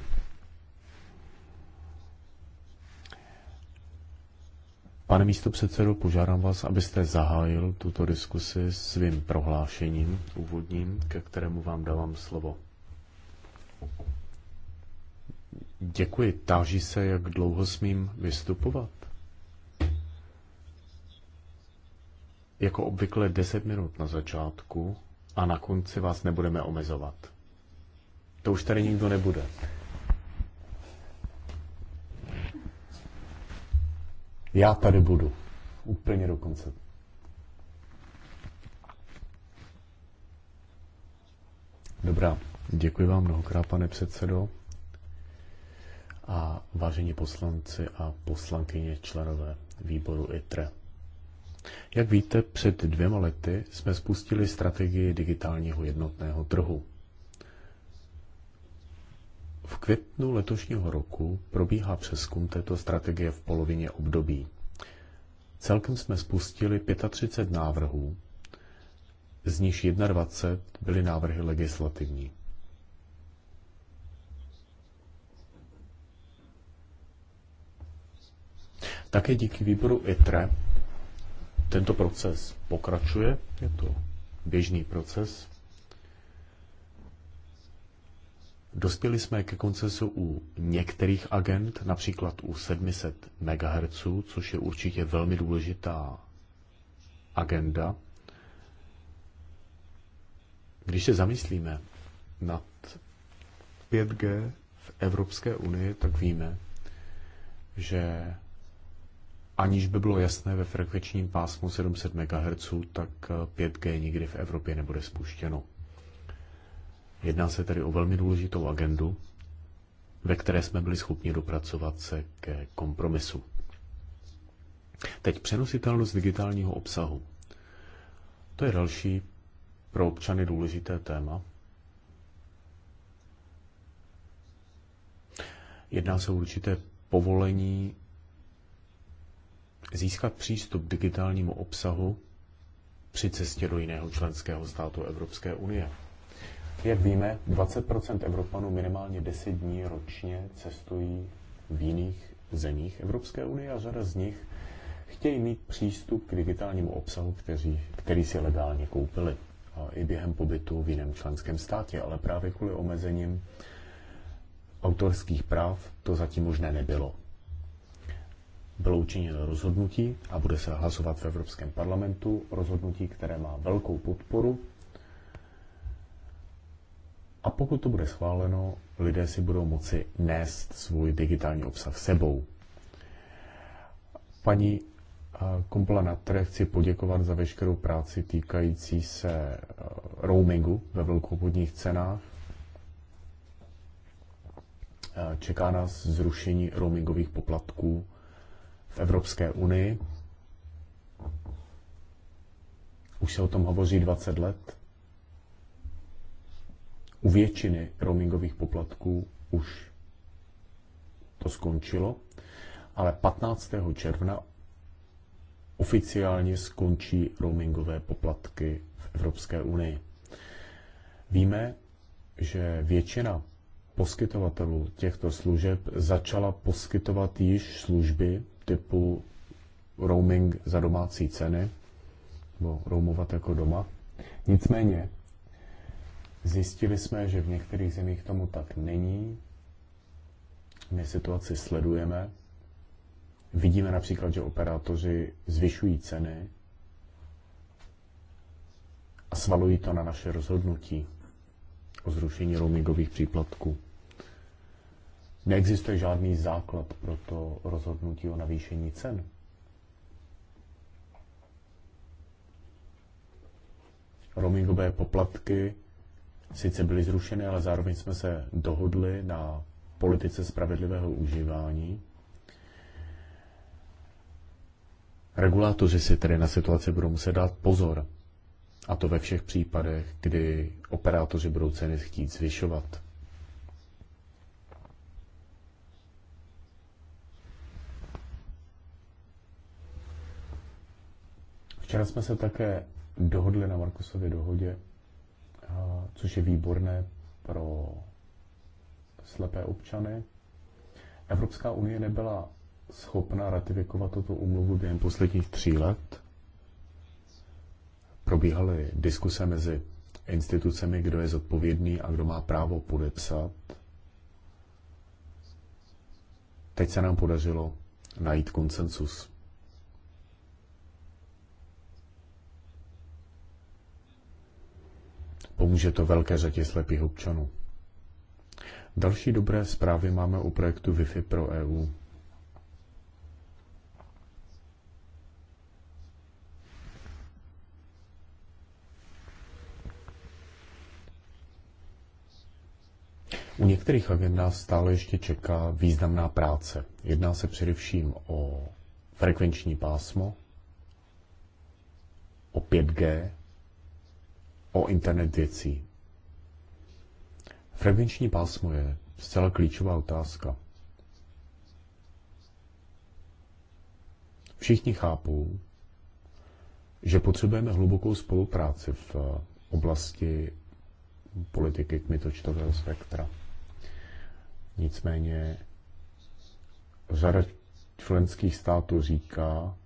Pane místo požádám vás, abyste zahájil tuto diskusi svým prohlášením úvodním, ke kterému vám dávám slovo. Děkuji. Táží se, jak dlouho smím vystupovat? jako obvykle 10 minut na začátku a na konci vás nebudeme omezovat. To už tady nikdo nebude. Já tady budu. Úplně do konce. Dobrá, děkuji vám mnohokrát, pane předsedo. A vážení poslanci a poslankyně členové výboru ITRE. Jak víte, před dvěma lety jsme spustili strategii digitálního jednotného trhu. V květnu letošního roku probíhá přeskum této strategie v polovině období. Celkem jsme spustili 35 návrhů, z nich 21 byly návrhy legislativní. Také díky výboru ITRE tento proces pokračuje, je to běžný proces. Dospěli jsme ke koncesu u některých agent, například u 700 MHz, což je určitě velmi důležitá agenda. Když se zamyslíme nad 5G v Evropské unii, tak víme, že aniž by bylo jasné ve frekvenčním pásmu 700 MHz, tak 5G eh, nikdy v Evropě nebude spuštěno. Jedná se tedy o velmi důležitou agendu, ve které jsme byli schopni dopracovat se ke kompromisu. Teď přenositelnost digitálního obsahu. To je další pro občany důležité téma. Jedná se o určité povolení získat přístup k digitálnímu obsahu při cestě do jiného členského státu Evropské unie. Jak víme, 20 Evropanů minimálně 10 dní ročně cestují v jiných zemích Evropské unie a řada z nich chtějí mít přístup k digitálnímu obsahu, který, který si legálně koupili a i během pobytu v jiném členském státě, ale právě kvůli omezením autorských práv to zatím možné nebylo bylo učiněno rozhodnutí a bude se hlasovat v Evropském parlamentu, rozhodnutí, které má velkou podporu. A pokud to bude schváleno, lidé si budou moci nést svůj digitální obsah sebou. Paní eh, Kompla na které chci poděkovat za veškerou práci týkající se eh, roamingu ve velkoobchodních cenách. Eh, čeká nás zrušení roamingových poplatků Evropské unii. Už se o tom hovoří 20 let. U většiny roamingových poplatků už to skončilo, ale 15. června oficiálně skončí roamingové poplatky v Evropské unii. Víme, že většina poskytovatelů těchto služeb začala poskytovat již služby typu roaming za domácí ceny, nebo roamovat jako doma. Nicméně, zjistili jsme, že v některých zemích tomu tak není. My situaci sledujeme. Vidíme například, že operátoři zvyšují ceny a svalují to na naše rozhodnutí o zrušení roamingových příplatků. Neexistuje žádný základ pro to rozhodnutí o navýšení cen. Roamingové poplatky sice byly zrušeny, ale zároveň jsme se dohodli na politice spravedlivého užívání. Regulátoři si tedy na situaci budou muset dát pozor. A to ve všech případech, kdy operátoři budou ceny chtít zvyšovat. Včera jsme se také dohodli na Markusově dohodě, což je výborné pro slepé občany. Evropská unie nebyla schopna ratifikovat tuto umluvu během posledních tří let. Probíhaly diskuse mezi institucemi, kdo je zodpovědný a kdo má právo podepsat. Teď se nám podařilo najít konsensus. Pomůže to velké řadě slepých občanů. Další dobré zprávy máme u projektu Wi-Fi pro EU. U některých agend nás stále ještě čeká významná práce. Jedná se především o frekvenční pásmo, o 5G o internet věcí. Frekvenční pásmo je zcela klíčová otázka. Všichni chápou, že potřebujeme hlubokou spolupráci v eh, oblasti politiky kmitočtového spektra. Nicméně řada členských států říká,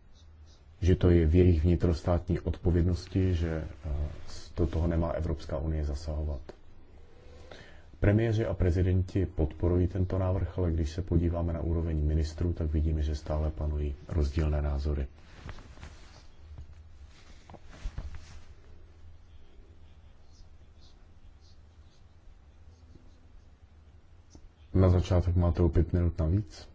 že to je v jejich vnitrostátní odpovědnosti, že eh, do toho nemá Evropská unie zasahovat. Premiéři a prezidenti podporují tento návrh, ale když se podíváme na úroveň ministrů, tak vidíme, že stále panují rozdílné názory. Na začátek máte o pět minut navíc.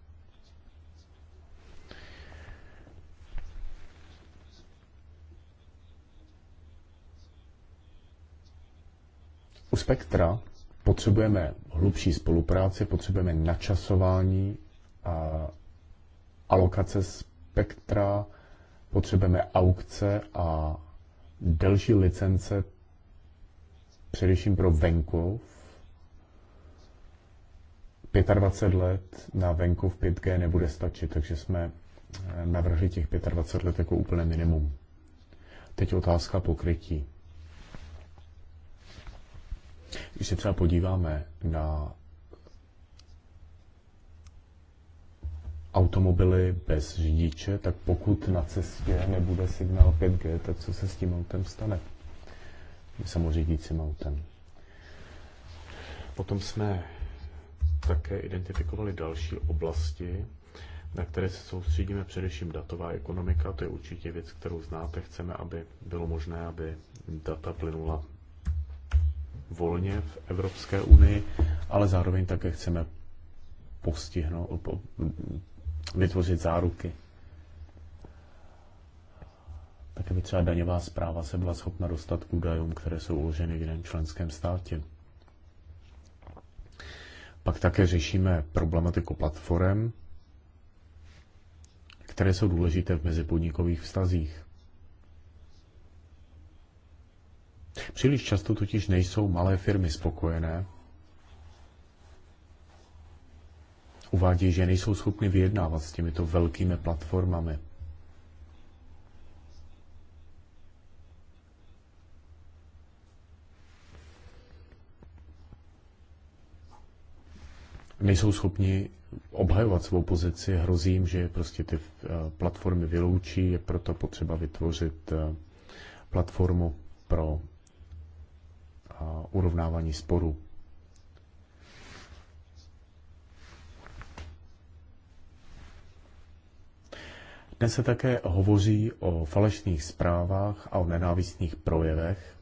U spektra potřebujeme hlubší spolupráci, potřebujeme načasování a alokace spektra, potřebujeme aukce a delší licence, především pro venkov. 25 let na venkov 5G nebude stačit, takže jsme eh, navrhli těch 25 let jako úplné minimum. Teď otázka pokrytí. Když se třeba podíváme na automobily bez řidiče, tak pokud na cestě nebude signál 5G, tak co se s tím autem stane? Samořídícím autem. Potom jsme také identifikovali další oblasti, na které se soustředíme především datová ekonomika. To je určitě věc, kterou znáte. Chceme, aby bylo možné, aby data plynula volně v Evropské unii, ale zároveň také chceme postihnout, vytvořit záruky. Tak aby třeba daňová zpráva se byla schopna dostat k údajům, které jsou uloženy v jiném členském státě. Pak také řešíme problematiku platform, které jsou důležité v mezipodnikových vztazích. Příliš často totiž nejsou malé firmy spokojené. Uvádějí, že nejsou schopny vyjednávat s těmito velkými platformami. nejsou schopni obhajovat svou pozici, hrozí jim, že prostě ty eh, platformy vyloučí, je proto potřeba vytvořit eh, platformu pro urovnávání sporů. Dnes se také hovoří o falešných zprávách a o nenávistných projevech.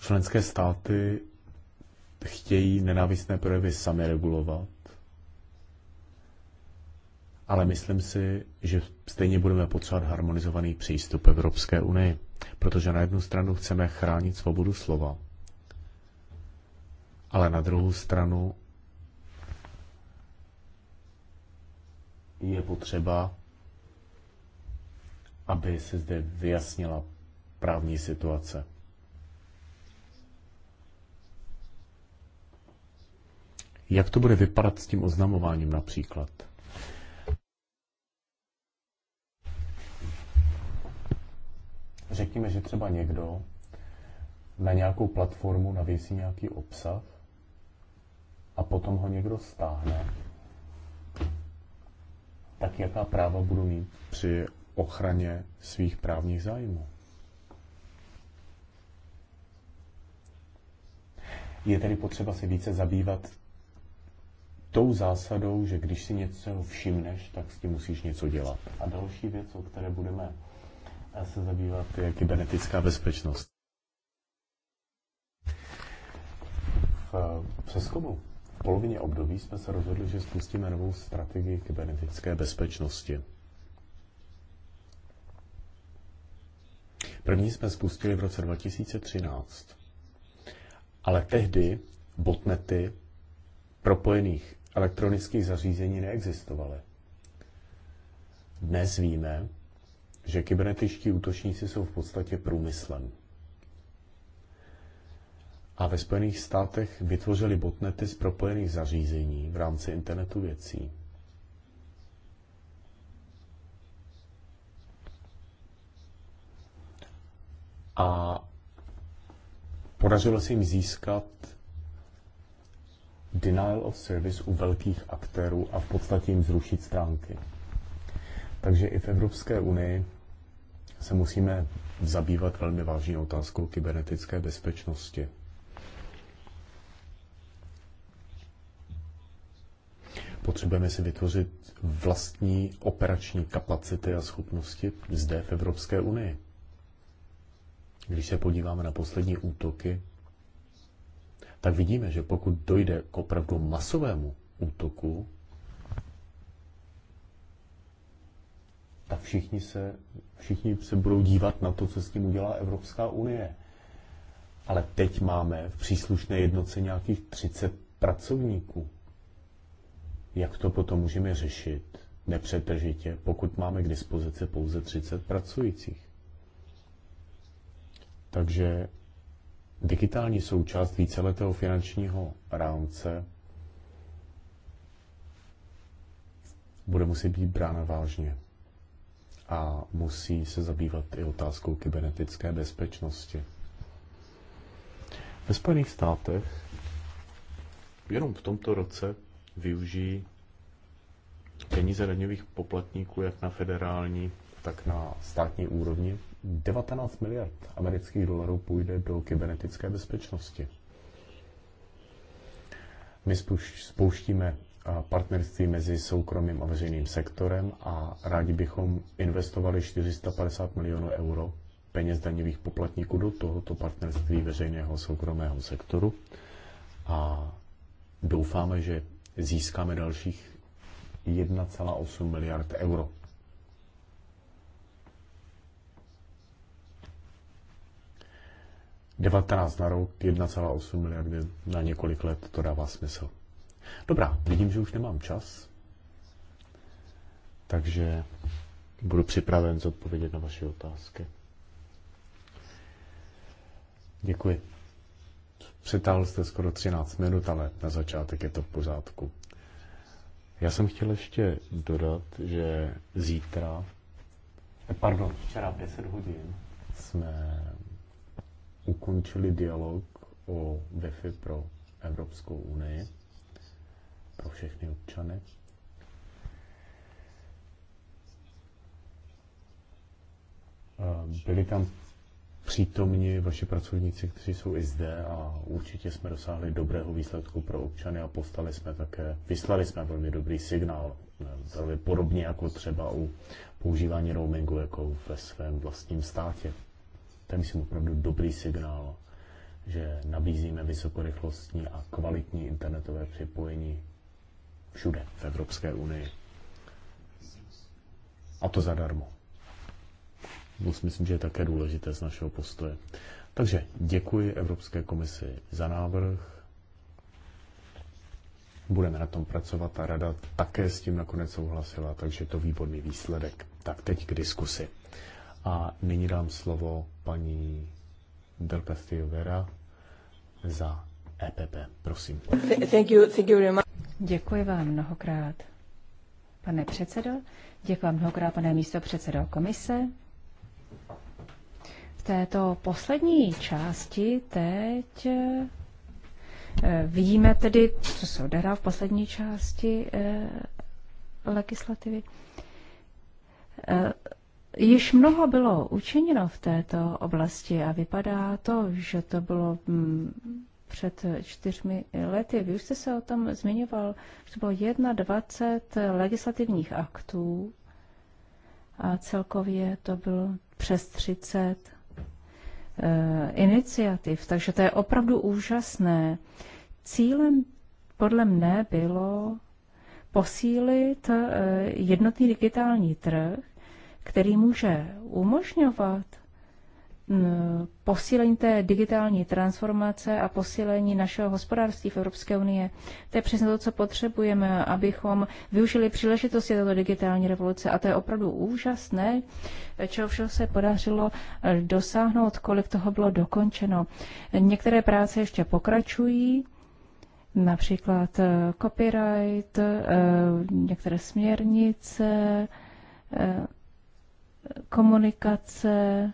Členské státy chtějí nenávistné projevy sami regulovat ale myslím si, že stejně budeme potřebovat harmonizovaný přístup Evropské unii, protože na jednu stranu chceme chránit svobodu slova, ale na druhou stranu je potřeba, aby se zde vyjasnila právní situace. Jak to bude vypadat s tím oznamováním například? řekněme, že třeba někdo na nějakou platformu navěsí nějaký obsah a potom ho někdo stáhne, tak jaká práva budu mít při ochraně svých právních zájmů? Je tedy potřeba se více zabývat tou zásadou, že když si něco všimneš, tak s tím musíš něco dělat. A další věc, o které budeme a se zabývat je kybernetická bezpečnost. V eh, přeskumu v polovině období jsme se rozhodli, že spustíme novou strategii kybernetické bezpečnosti. První jsme spustili v roce 2013. Ale tehdy botnety propojených elektronických zařízení neexistovaly. Dnes víme, že kybernetičtí útočníci jsou v podstatě průmyslem. A ve Spojených státech vytvořili botnety z propojených zařízení v rámci internetu věcí. A podařilo se jim získat denial of service u velkých aktérů a v podstatě jim zrušit stránky. Takže i v Evropské unii se musíme zabývat velmi vážnou otázkou kybernetické bezpečnosti. Potřebujeme si vytvořit vlastní operační kapacity a schopnosti zde v Evropské unii. Když se podíváme na poslední útoky, tak vidíme, že pokud dojde k opravdu masovému útoku, tak všichni se, všichni se budou dívat na to, co s tím udělá Evropská unie. Ale teď máme v příslušné jednotce nějakých 30 pracovníků. Jak to potom můžeme řešit nepřetržitě, pokud máme k dispozici pouze 30 pracujících? Takže digitální součást víceletého finančního rámce bude muset být brána vážně a musí se zabývat i otázkou kybernetické bezpečnosti. Ve Spojených státech jenom v tomto roce využijí peníze daňových poplatníků jak na federální, tak na státní úrovni. 19 miliard amerických dolarů půjde do kybernetické bezpečnosti. My spouštíme partnerství mezi soukromým a veřejným sektorem a rádi bychom investovali 450 milionů euro peněz daňových poplatníků do tohoto partnerství veřejného a soukromého sektoru a doufáme, že získáme dalších 1,8 miliard euro. Devatenáct na rok, 1,8 miliardy na několik let, to dává smysl. Dobrá, vidím, že už nemám čas, takže budu připraven zodpovědět na vaše otázky. Děkuji. Přetáhl jste skoro 13 minut, ale na začátek je to v pořádku. Já jsem chtěl ještě dodat, že zítra, eh, pardon, včera 10 hodin jsme ukončili dialog o Wi-Fi pro Evropskou unii pro všechny občany. Byli tam přítomni vaši pracovníci, kteří jsou i zde a určitě jsme dosáhli dobrého výsledku pro občany a postali jsme také, vyslali jsme velmi dobrý signál, velmi podobně jako třeba u používání roamingu jako ve svém vlastním státě. To je, myslím, opravdu dobrý signál, že nabízíme vysokorychlostní a kvalitní internetové připojení všude v Evropské unii. A to zadarmo. si myslím, že je také důležité z našeho postoje. Takže děkuji Evropské komisi za návrh. Budeme na tom pracovat a rada také s tím nakonec souhlasila, takže to výborný výsledek. Tak teď k diskusi. A nyní dám slovo paní Del Vera za EPP. Prosím. Thank you, thank you very much. Děkuji vám mnohokrát, pane předsedo. Děkuji vám mnohokrát, pane místo předsedo komise. V této poslední části teď eh, vidíme tedy, co se odehrá v poslední části eh, legislativy. Eh, již mnoho bylo učiněno v této oblasti a vypadá to, že to bylo hm, před čtyřmi lety. Vy už jste se o tom zmiňoval, že to bylo 21 legislativních aktů a celkově to bylo přes 30 eh, iniciativ. Takže to je opravdu úžasné. Cílem podle mne bylo posílit eh, jednotný digitální trh, který může umožňovat posílení té digitální transformace a posílení našeho hospodářství v Evropské unie. To je přesně to, co potřebujeme, abychom využili příležitosti této digitální revoluce. A to je opravdu úžasné, čeho všeho se podařilo eh, dosáhnout, kolik toho bylo dokončeno. Některé práce ještě pokračují, například eh, copyright, eh, některé směrnice, komunikace,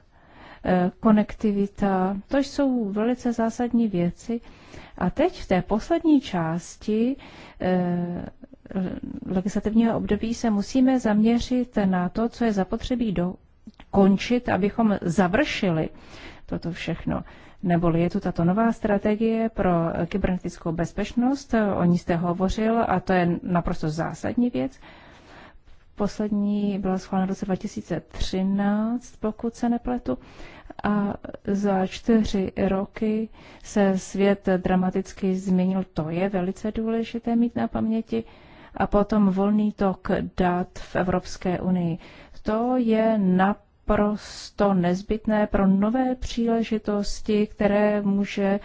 Eh, konektivita. To jsou velice zásadní věci. A teď v té poslední části eh, legislativního období se musíme zaměřit na to, co je zapotřebí dokončit, abychom završili toto všechno. Neboli je tu tato nová strategie pro kybernetickou bezpečnost, o ní jste hovořil a to je naprosto zásadní věc. Poslední byla schválena v roce 2013, pokud se nepletu. A za čtyři roky se svět dramaticky změnil. To je velice důležité mít na paměti. A potom volný tok dat v Evropské unii. To je naprosto nezbytné pro nové příležitosti, které může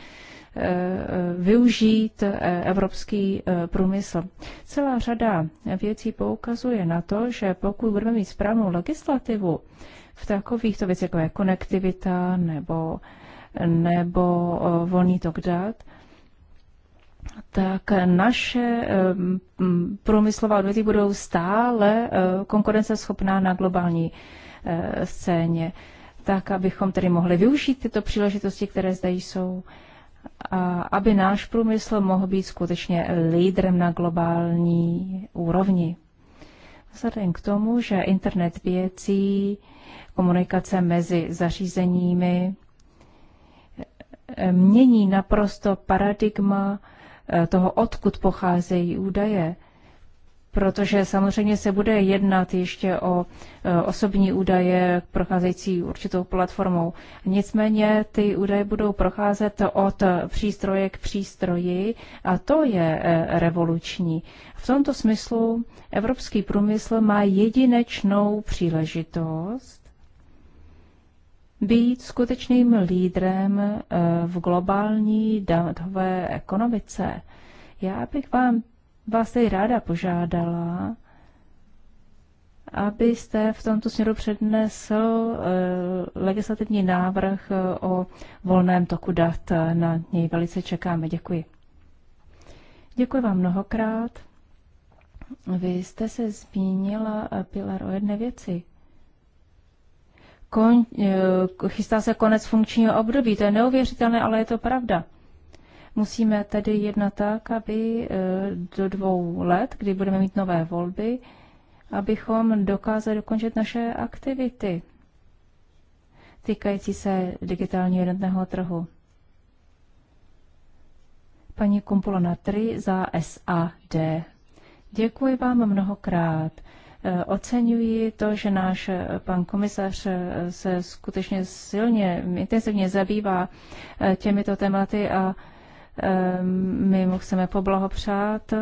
Eh, využít eh, evropský eh, průmysl. Celá řada věcí poukazuje na to, že pokud budeme mít správnou legislativu v takovýchto věcech, jako je konektivita nebo, nebo volný tok dat, tak naše průmyslová odvětví budou stále konkurenceschopná na globální scéně, tak abychom tedy mohli využít tyto příležitosti, které zde jsou aby náš průmysl mohl být skutečně lídrem na globální úrovni. Vzhledem k tomu, že internet věcí, komunikace mezi zařízeními eh, mění naprosto paradigma eh, toho, odkud pocházejí údaje, protože samozřejmě se bude jednat ještě o e, osobní údaje procházející určitou platformou. Nicméně ty údaje budou procházet od přístroje k přístroji a to je e, revoluční. V tomto smyslu evropský průmysl má jedinečnou příležitost být skutečným lídrem e, v globální datové ekonomice. Já bych vám vás tedy ráda požádala, abyste v tomto směru přednesl eh, legislativní návrh eh, o volném toku dat. Na něj velice čekáme. Děkuji. Děkuji vám mnohokrát. Vy jste se zmínila, eh, Pilar, o jedné věci. Kon, chystá se konec funkčního období. To je neuvěřitelné, ale je to pravda. Musíme tedy jednat tak, aby eh, do dvou let, kdy budeme mít nové volby, abychom dokázali dokončit naše aktivity týkající se digitálního jednotného trhu. Paní Kumpula Natry za SAD. Děkuji vám mnohokrát. Eh, oceňuji to, že náš eh, pan komisař se skutečně silně, intenzivně zabývá těmito tématy a Ehm, my mu chceme poblahopřát eh,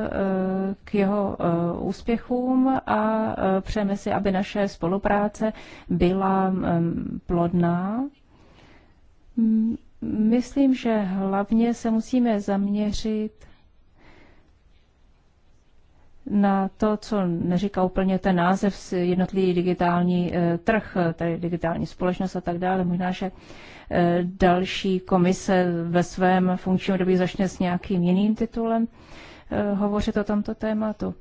k jeho eh, úspěchům a eh, přejeme si, aby naše spolupráce byla ehm, plodná. Myslím, že hlavně se musíme zaměřit na to, co neříká úplně ten název jednotlivý digitální trh, tedy digitální společnost a tak dále. Možná, že Eh, další komise ve svém funkčním době začne s nějakým jiným titulem eh, hovořit o tomto tématu.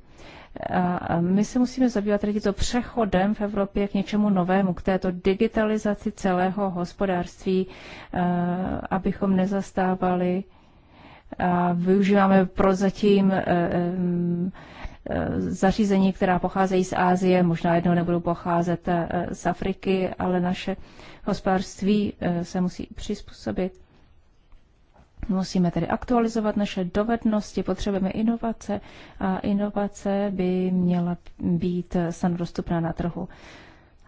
A my se musíme zabývat tedy to přechodem v Evropě k něčemu novému, k této digitalizaci celého hospodářství, eh, abychom nezastávali a využíváme prozatím Eh, zařízení, která pocházejí z Ázie, možná jednou nebudou pocházet eh, z Afriky, ale naše hospodářství eh, se musí přizpůsobit. Musíme tedy aktualizovat naše dovednosti, potřebujeme inovace a inovace by měla být snad dostupná na trhu.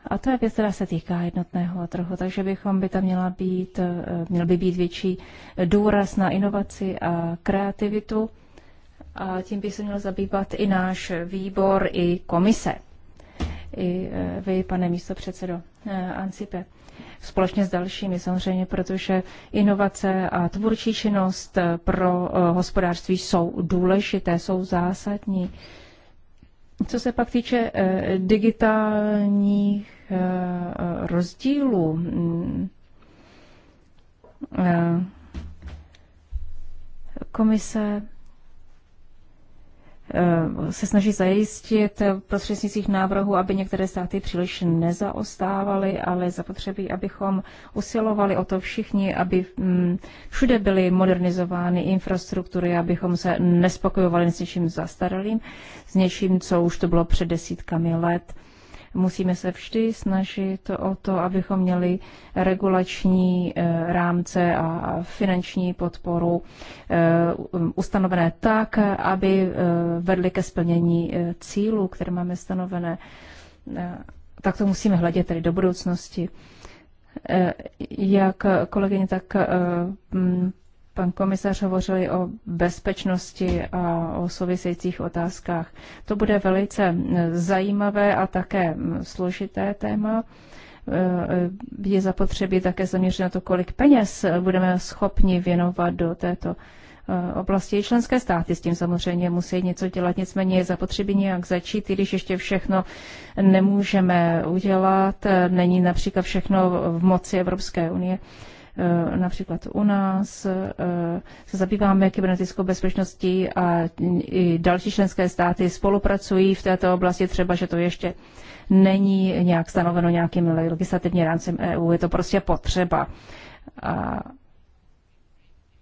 A to je věc, která se týká jednotného trhu, takže bychom by tam měla být, měl by být větší důraz na inovaci a kreativitu a tím by se měl zabývat i náš výbor, i komise. I e, vy, pane místo předsedo e, Ancipe. Společně s dalšími samozřejmě, protože inovace a tvůrčí činnost pro e, hospodářství jsou důležité, jsou zásadní. Co se pak týče digitálních rozdílů, mm, komise Eh, se snaží zajistit prostřednictvím návrhu, aby některé státy příliš nezaostávaly, ale zapotřebí, abychom usilovali o to všichni, aby mm, všude byly modernizovány infrastruktury, abychom se nespokojovali s něčím zastaralým, s něčím, co už to bylo před desítkami let Musíme se vždy snažit o to, abychom měli regulační eh, rámce a finanční podporu eh, ustanovené tak, aby eh, vedly ke splnění cílů, které máme stanovené. Tak to musíme hledět tedy do budoucnosti. Jak kolegyně, tak mm, Pan komisař hovořili o bezpečnosti a o souvisejících otázkách. To bude velice zajímavé a také složité téma. E, e, je zapotřebí také zaměřit na to, kolik peněz budeme schopni věnovat do této e, oblasti. Členské státy s tím samozřejmě musí něco dělat, nicméně je zapotřebí nějak začít, i když ještě všechno nemůžeme udělat. Není například všechno v moci Evropské unie. Eh, například u nás eh, se zabýváme kybernetickou bezpečností a i další členské státy spolupracují v této oblasti, třeba, že to ještě není nějak stanoveno nějakým legislativním rámcem EU, je to prostě potřeba. A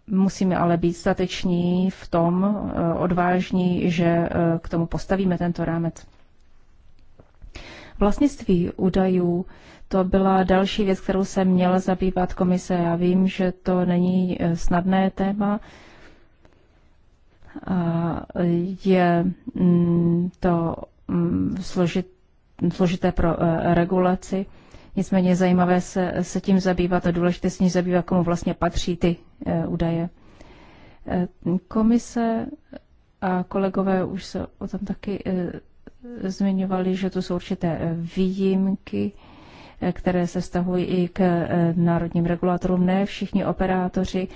musíme ale být stateční v tom, eh, odvážní, že k tomu postavíme tento rámec. Vlastnictví údajů to byla další věc, kterou se měla zabývat komise. Já vím, že to není eh, snadné téma. A je mm, to mm, složité pro eh, regulaci. Nicméně zajímavé se, se tím zabývat a důležité s ní zabývat, komu vlastně patří ty eh, údaje. Komise a kolegové už se o tom taky zmiňovali, že to jsou určité výjimky které se vztahují i k eh, národním regulatorům. Ne všichni operátoři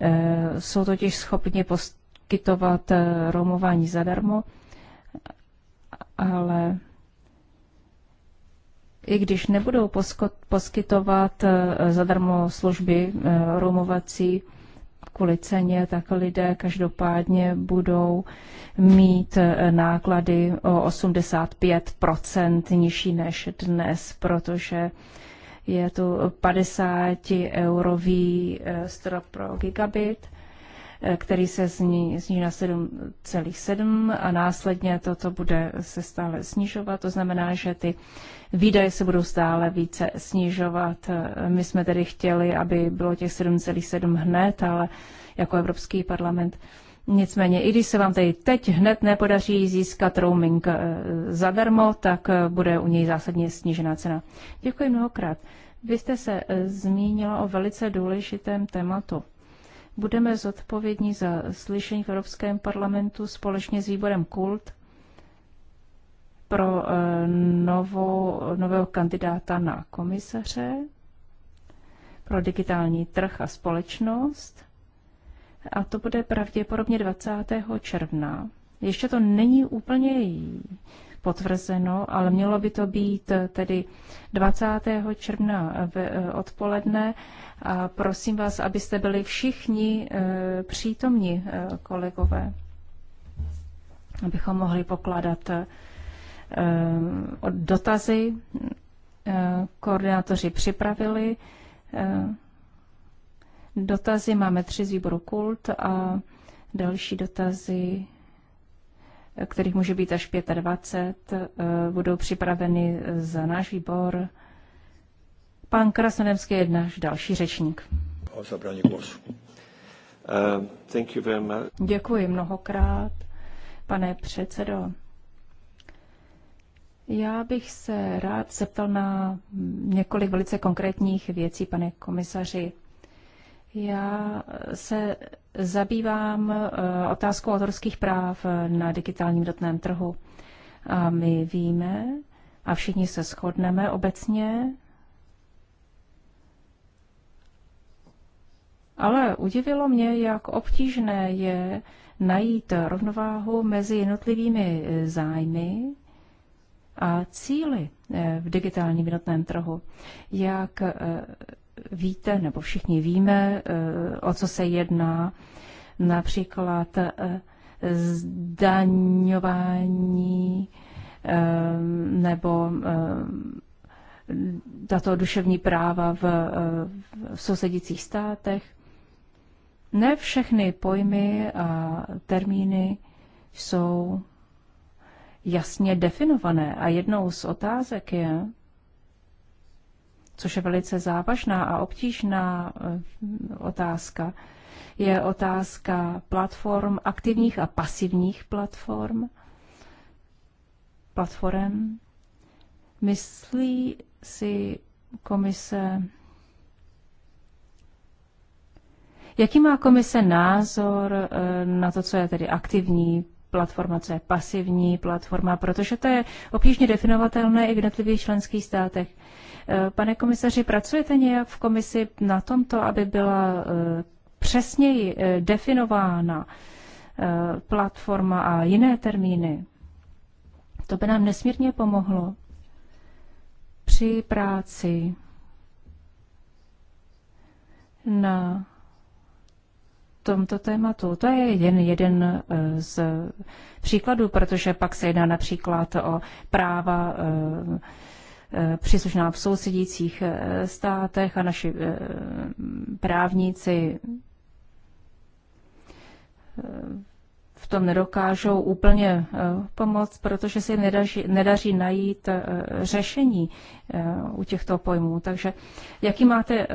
eh, jsou totiž schopni poskytovat eh, roamování zadarmo, ale i když nebudou poskytovat zadarmo služby roamovací, kvůli ceně, tak lidé každopádně budou mít eh, náklady o 85 nižší než dnes, protože je tu 50 eurový eh, strop pro gigabit eh, který se zní, zní na 7,7 a následně toto bude se stále snižovat. To znamená, že ty výdaje se budou stále více snižovat. My jsme tedy chtěli, aby bylo těch 7,7 hned, ale jako Evropský parlament. Nicméně, i když se vám tady teď hned nepodaří získat roaming eh, zadarmo, tak eh, bude u něj zásadně snížená cena. Děkuji mnohokrát. Vy jste se eh, zmínila o velice důležitém tématu. Budeme zodpovědní za slyšení v Evropském parlamentu společně s výborem KULT pro eh, novou, nového kandidáta na komisaře pro digitální trh a společnost. A to bude pravděpodobně 20. června. Ještě to není úplně potvrzeno, ale mělo by to být tedy 20. června eh, odpoledne. A prosím vás, abyste byli všichni eh, přítomni, kolegové, abychom mohli pokládat Eh, dotazy eh, koordinátoři připravili. Eh, dotazy máme tři z výboru Kult a další dotazy, kterých může být až 25, budou připraveny za náš výbor. Pan Krasnodemský je náš další řečník. Děkuji mnohokrát, pane předsedo. Já bych se rád zeptal na několik velice konkrétních věcí, pane komisaři. Já se zabývám eh, otázkou autorských práv na digitálním dotném trhu. A my víme, a všichni se shodneme obecně, ale udivilo mě, jak obtížné je najít rovnováhu mezi jednotlivými zájmy a cíly eh, v digitálním jednotném trhu. Jak eh, víte, nebo všichni víme, eh, o co se jedná, například zdaňování nebo tato duševní práva v, v sousedících státech. Ne všechny pojmy a termíny jsou jasně definované. A jednou z otázek je, což je velice závažná a obtížná eh, otázka, je otázka platform, aktivních a pasivních platform, platform. Myslí si komise, jaký má komise názor eh, na to, co je tedy aktivní platforma, co je pasivní platforma, protože to je obtížně definovatelné i v jednotlivých členských státech. Eh, pane komisaři, pracujete nějak v komisi na tomto, aby byla eh, přesněji eh, definována platforma a jiné termíny? To by nám nesmírně pomohlo při práci na tomto tématu. To je jen jeden eh, z příkladů, protože pak se jedná například o práva eh, eh, příslušná v sousedících státech a naši právníci v tom nedokážou úplně pomoct, protože si nedaří, nedaří najít řešení u těchto pojmů. Takže jaký máte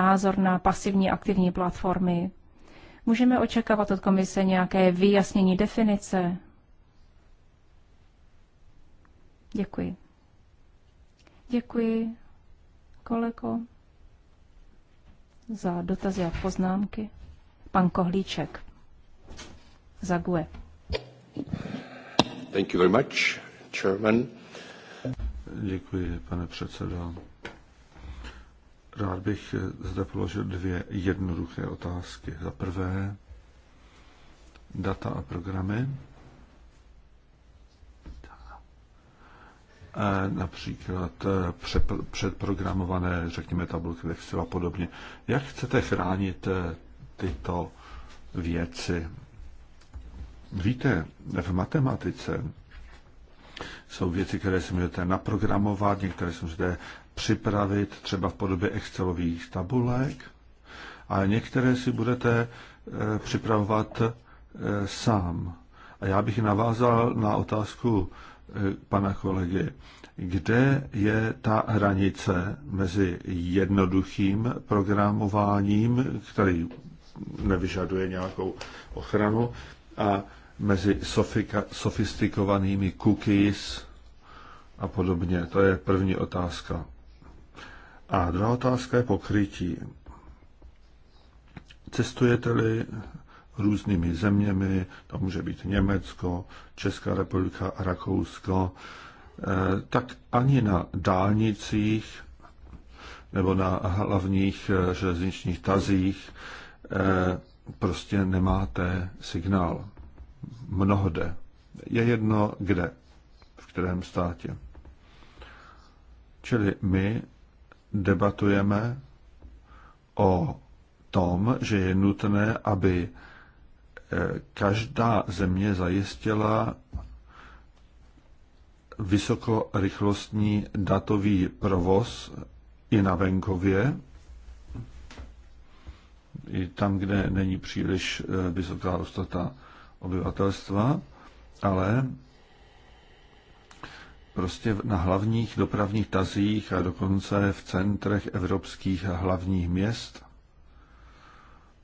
názor na pasivní aktivní platformy Můžeme očekávat od komise nějaké vyjasnění definice? Děkuji. Děkuji, kolego, za dotazy a poznámky. Pan Kohlíček, za GUE. Thank you very much, Chairman. Děkuji, pane předsedo. Rád bych eh, zde položil dvě jednoduché otázky. Za prvé, data a programy. Eh, například eh, předprogramované, řekněme, tabulky Excel a podobně. Jak chcete chránit tyto věci? Víte, v matematice jsou věci, které si můžete naprogramovat, některé si můžete připravit třeba v podobě Excelových tabulek a některé si budete eh, připravovat eh, sám. A já bych navázal na otázku eh, pana kolegy, kde je ta hranice mezi jednoduchým programováním, který nevyžaduje nějakou ochranu, a mezi sofistikovanými cookies a podobně? To je první otázka. A druhá otázka je pokrytí. Cestujete-li různými zeměmi, to může být Německo, Česká republika, Rakousko, eh, tak ani na dálnicích nebo na hlavních eh, železničních tazích eh, prostě nemáte signál. Mnohde. Je jedno kde, v kterém státě. Čili my debatujeme o tom, že je nutné, aby eh, každá země zajistila vysokorychlostní datový provoz i na venkově, i tam, kde není příliš eh, vysoká hustota obyvatelstva, ale prostě na hlavních dopravních tazích a dokonce v centrech evropských hlavních měst.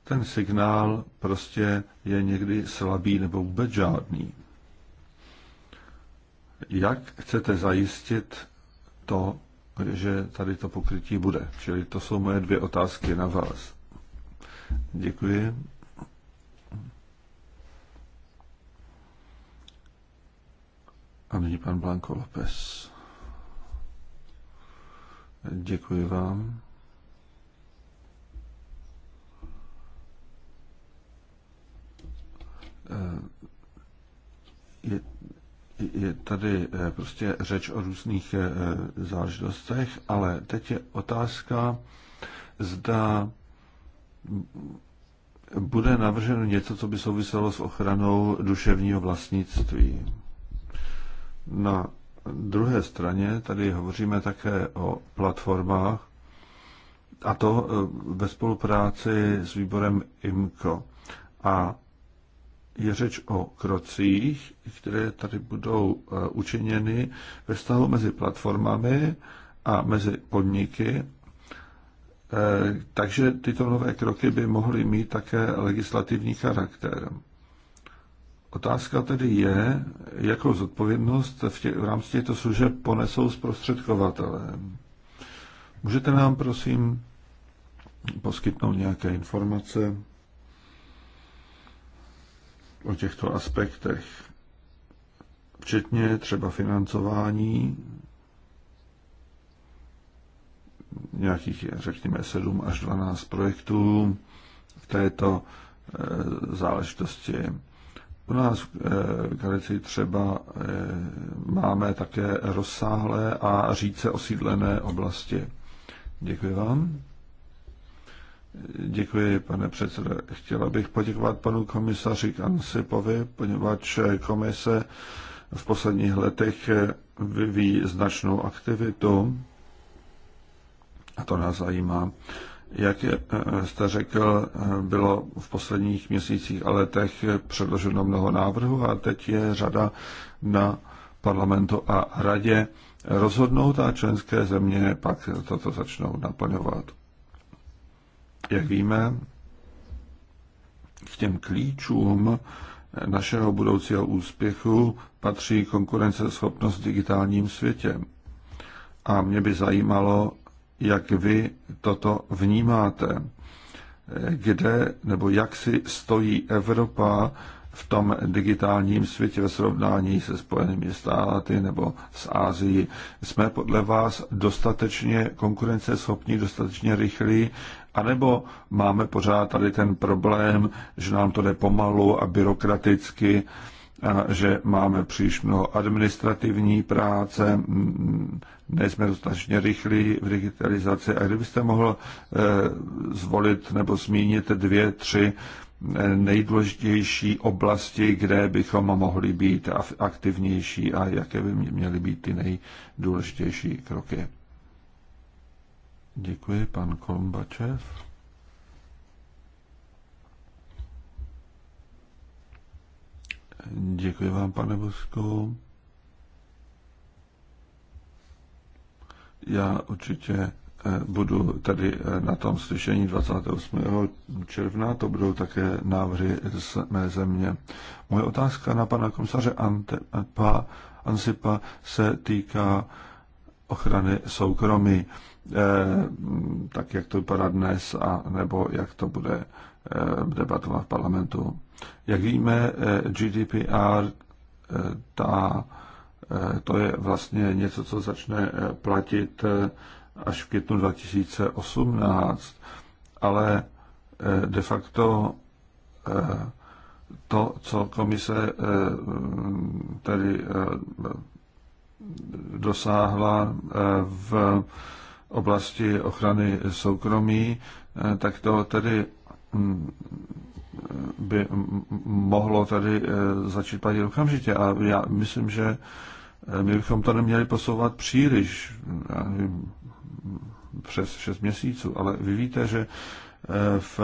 Ten signál prostě je někdy slabý nebo vůbec žádný. Jak chcete zajistit to, že tady to pokrytí bude? Čili to jsou moje dvě otázky na vás. Děkuji. A nyní pan Blanco López. Děkuji vám. Eh, je, je tady eh, prostě řeč o různých eh, záležitostech, ale teď je otázka, zda bude navrženo něco, co by souviselo s ochranou duševního vlastnictví. Na druhé straně tady hovoříme také o platformách, a to e, ve spolupráci s výborem IMCO. A je řeč o krocích, které tady budou e, učiněny ve vztahu mezi platformami a mezi podniky. E, takže tyto nové kroky by mohly mít také legislativní charakter. Otázka tedy je, jakou zodpovědnost v, tě, v rámci těchto služeb ponesou zprostředkovatelé. Můžete nám, prosím, poskytnout nějaké informace o těchto aspektech, včetně třeba financování nějakých, řekněme, 7 až 12 projektů v této eh, záležitosti u nás v eh, Galici třeba eh, máme také rozsáhlé a říce osídlené oblasti. Děkuji vám. Děkuji, pane předsedo. Chtěla bych poděkovat panu komisaři Kansipovi, poněvadž komise v posledních letech vyvíjí značnou aktivitu a to nás zajímá. Jak eh, jste řekl, eh, bylo v posledních měsících a letech předloženo mnoho návrhů a teď je řada na parlamentu a radě rozhodnout a členské země pak toto začnou naplňovat. Jak víme, k těm klíčům eh, našeho budoucího úspěchu patří konkurenceschopnost v digitálním světě. A mě by zajímalo, jak vy toto vnímáte. Kde nebo jak si stojí Evropa v tom digitálním světě ve srovnání se Spojenými státy nebo s Ázií. Jsme podle vás dostatečně konkurenceschopní, dostatečně rychlí, anebo máme pořád tady ten problém, že nám to jde pomalu a byrokraticky, že máme příliš mnoho administrativní práce, nejsme dostatečně rychlí v digitalizaci. A kdybyste mohl e, zvolit nebo zmínit dvě, tři e, nejdůležitější oblasti, kde bychom mohli být aktivnější a jaké by měly být ty nejdůležitější kroky. Děkuji, pan Kolumbačev. Děkuji vám, pane Bosko. Já určitě eh, budu tady eh, na tom slyšení 28. června, to budou také návrhy z mé země. Moje otázka na pana komisaře Antepa, Ansipa se týká ochrany soukromí, eh, tak jak to vypadá dnes, a nebo jak to bude debatovat v parlamentu. Jak víme, eh, GDPR eh, ta, eh, to je vlastně něco, co začne platit až v květnu 2018, ale de facto to, co komise tedy dosáhla v oblasti ochrany soukromí, tak to tedy hm, by mohlo tady e, začít platit okamžitě. A já myslím, že e, my bychom to neměli posouvat příliš, nevím, přes 6 měsíců, ale vy víte, že e, v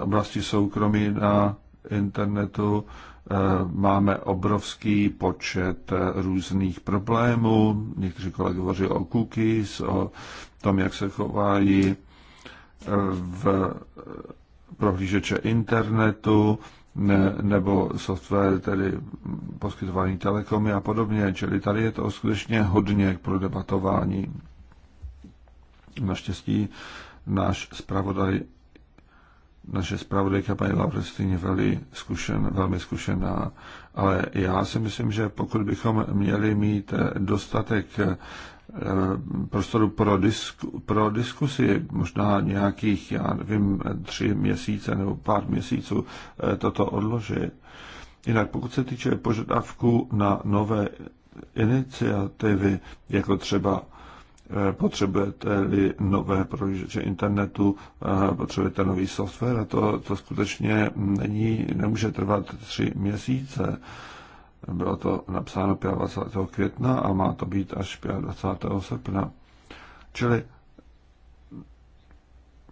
oblasti soukromí na internetu máme obrovský počet různých problémů. Někteří kolegy hovoří o cookies, o tom, jak se chovají v prohlížeče internetu ne, nebo software tedy poskytování telekomy a podobně. Čili tady je to skutečně hodně k prodebatování. Naštěstí náš zpravodaj naše zpravodajka paní Laurestýně velmi, zkušen, velmi zkušená, ale já si myslím, že pokud bychom měli mít dostatek Eh, prostoru pro, disku, pro diskusi, možná nějakých, já nevím, tři měsíce nebo pár měsíců eh, toto odložit. Jinak pokud se týče požadavku na nové iniciativy, jako třeba eh, potřebujete-li nové prohlížeče internetu, potřebujete nový software a to, to skutečně není, nemůže trvat tři měsíce. Bylo to napsáno 25. května a má to být až 25. srpna. Čili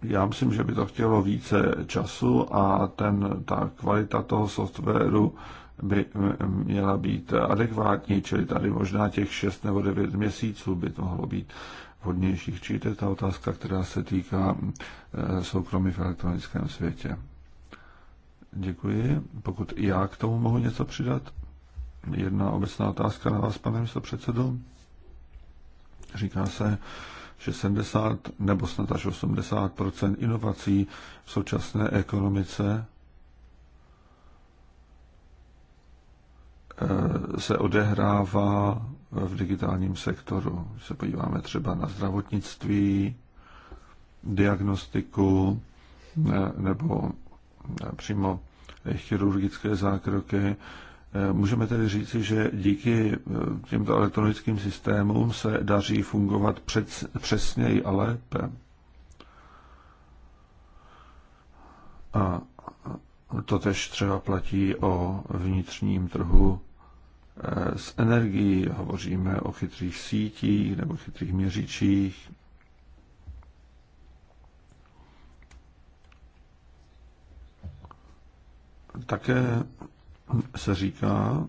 já myslím, že by to chtělo více času a ten, ta kvalita toho softwaru by měla být adekvátní, čili tady možná těch 6 nebo 9 měsíců by to mohlo být vhodnějších. Čili to je ta otázka, která se týká eh, soukromí v elektronickém světě. Děkuji. Pokud i já k tomu mohu něco přidat jedna obecná otázka na vás, pane místo předsedo. Říká se, že 70 nebo snad až 80 inovací v současné ekonomice eh, se odehrává v digitálním sektoru. Se podíváme třeba na zdravotnictví, diagnostiku eh, nebo eh, přímo chirurgické zákroky, Můžeme tedy říci, že díky eh, těmto elektronickým systémům se daří fungovat před, přesněji a lépe. A to tež třeba platí o vnitřním trhu eh, s energií. Hovoříme o chytrých sítích nebo chytrých měřičích. Také se říká,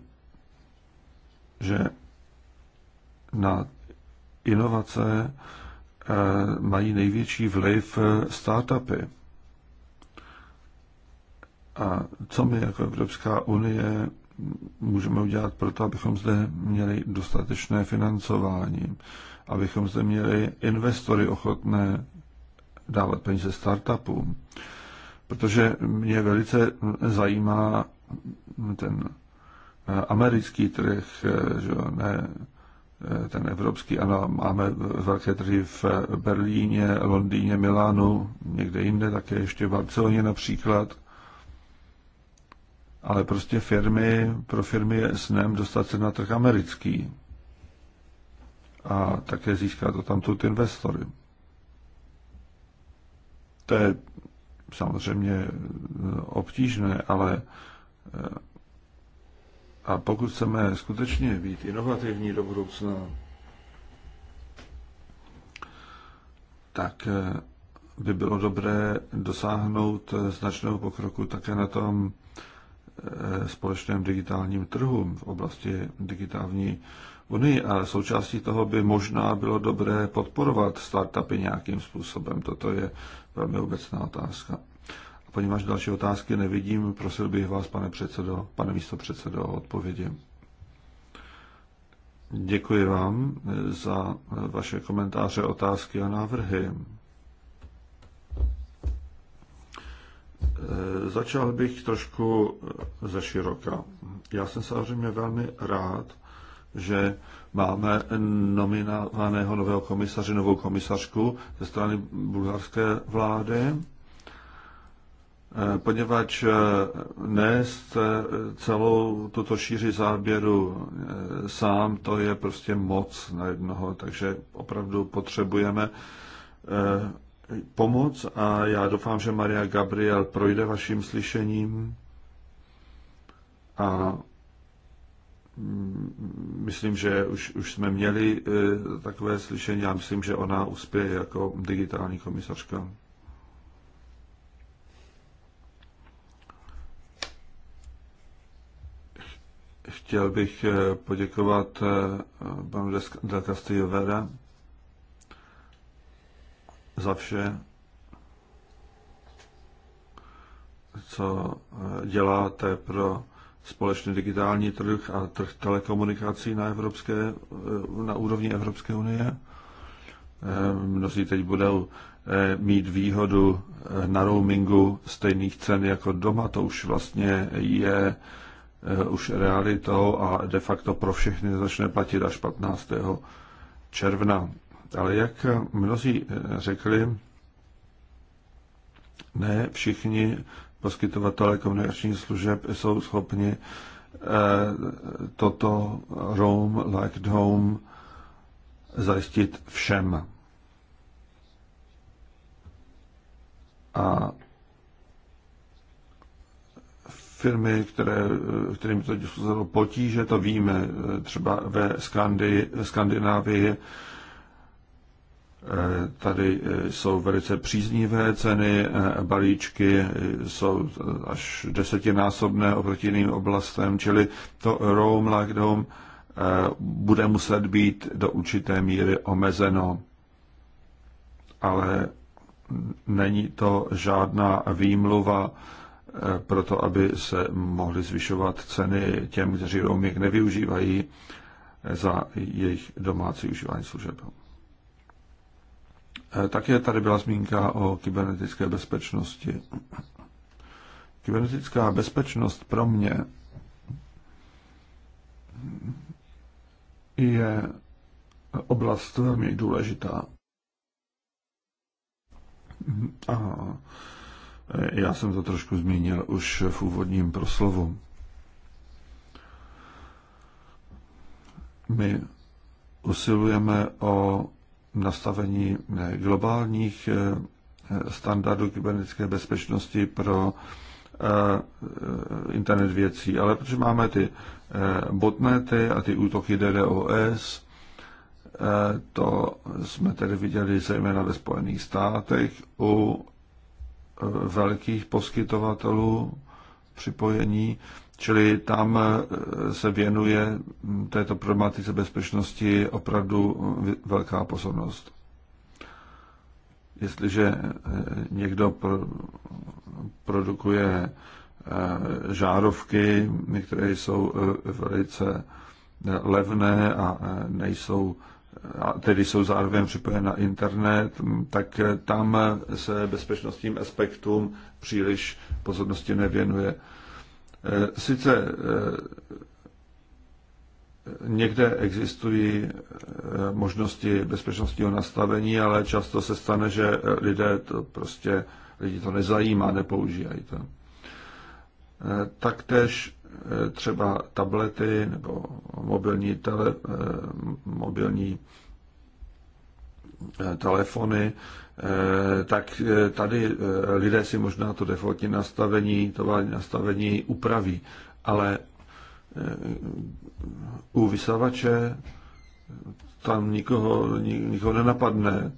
že na inovace eh, mají největší vliv eh, startupy. A co my jako Evropská unie můžeme udělat pro to, abychom zde měli dostatečné financování, abychom zde měli investory ochotné dávat peníze startupům protože mě velice zajímá ten eh, americký trh, eh, že ne eh, ten evropský, ano, máme velké trhy v Berlíně, Londýně, Milánu, někde jinde, také ještě v Barceloně například. Ale prostě firmy, pro firmy je snem dostat se na trh americký a také získat to tam tu investory. To je samozřejmě eh, obtížné, ale eh, a pokud chceme skutečně být inovativní do budoucna, tak eh, by bylo dobré dosáhnout značného pokroku také na tom společném digitálním trhu v oblasti digitální unii, ale součástí toho by možná bylo dobré podporovat startupy nějakým způsobem. Toto je velmi obecná otázka. A poněvadž další otázky nevidím, prosil bych vás, pane předsedo, pane místo předsedo, o odpovědi. Děkuji vám eh, za eh, vaše komentáře, otázky a návrhy. Eh, začal bych trošku ze široka. Já jsem samozřejmě velmi rád, že máme nominovaného nového komisaře, novou komisařku ze strany bulharské vlády, eh, poněvadž eh, nést eh, celou tuto šíři záběru sám, to je prostě moc na jednoho, takže opravdu potřebujeme pomoc a já doufám, že Maria Gabriel projde vaším slyšením a Mm, myslím, že už, už jsme měli eh, takové slyšení. Já myslím, že ona uspěje jako digitální komisařka. Chtěl bych eh, poděkovat eh, panu Del Castillo Vera za vše, co děláte pro společný digitální trh a trh telekomunikací na, evropské, eh, na úrovni Evropské unie. Eh, mnozí teď budou eh, mít výhodu na roamingu stejných cen jako doma. To už vlastně je už realitou a de facto pro všechny začne platit až 15. června. Ale jak mnozí řekli, ne všichni poskytovatelé komunikačních služeb jsou schopni eh, toto Roam like home zajistit všem. A firmy, které, kterým to způsobilo potíže, to víme eh, třeba ve Skandi, Skandinávii, Eh, tady eh, jsou velice příznivé ceny, eh, balíčky jsou až desetinásobné oproti jiným oblastem, čili to Roam like bude muset být do určité míry omezeno. Ale není to žádná výmluva pro to, aby se mohly zvyšovat ceny těm, kteří roaming nevyužívají za jejich domácí užívání služeb. Eh, také tady byla zmínka o kybernetické bezpečnosti. Kybernetická bezpečnost pro mě je oblast velmi důležitá. A eh, já jsem to trošku zmínil už v úvodním proslovu. My usilujeme o nastavení eh, globálních eh, standardů kybernetické bezpečnosti pro eh, internet věcí, ale protože máme ty botnety a ty útoky DDoS, to jsme tedy viděli zejména ve Spojených státech u velkých poskytovatelů připojení, Čili tam eh, se věnuje této problematice bezpečnosti opravdu velká pozornost. Jestliže eh, někdo pro, produkuje eh, žárovky, které jsou velice levné a nejsou a tedy jsou zároveň připojené na internet, tak tam se bezpečnostním aspektům příliš pozornosti nevěnuje. Eh, sice eh, někde existují eh, možnosti bezpečnostního nastavení, ale často se stane, že lidé to prostě, lidi to nezajímá, nepoužívají to. Taktéž třeba tablety nebo mobilní, tele, mobilní telefony Eh, tak eh, tady eh, lidé si možná to defaultní nastavení, tovární nastavení upraví, ale u vysavače tam nikoho, nikoho nenapadne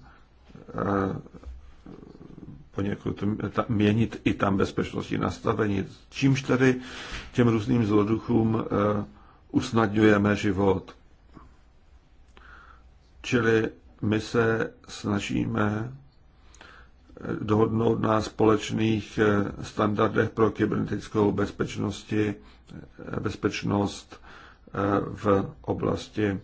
poněkud měnit i tam bezpečnostní nastavení, čímž tedy těm různým zloduchům usnadňujeme život. Čili my se snažíme dohodnout na společných eh, standardech pro kybernetickou bezpečnosti, eh, bezpečnost eh, v oblasti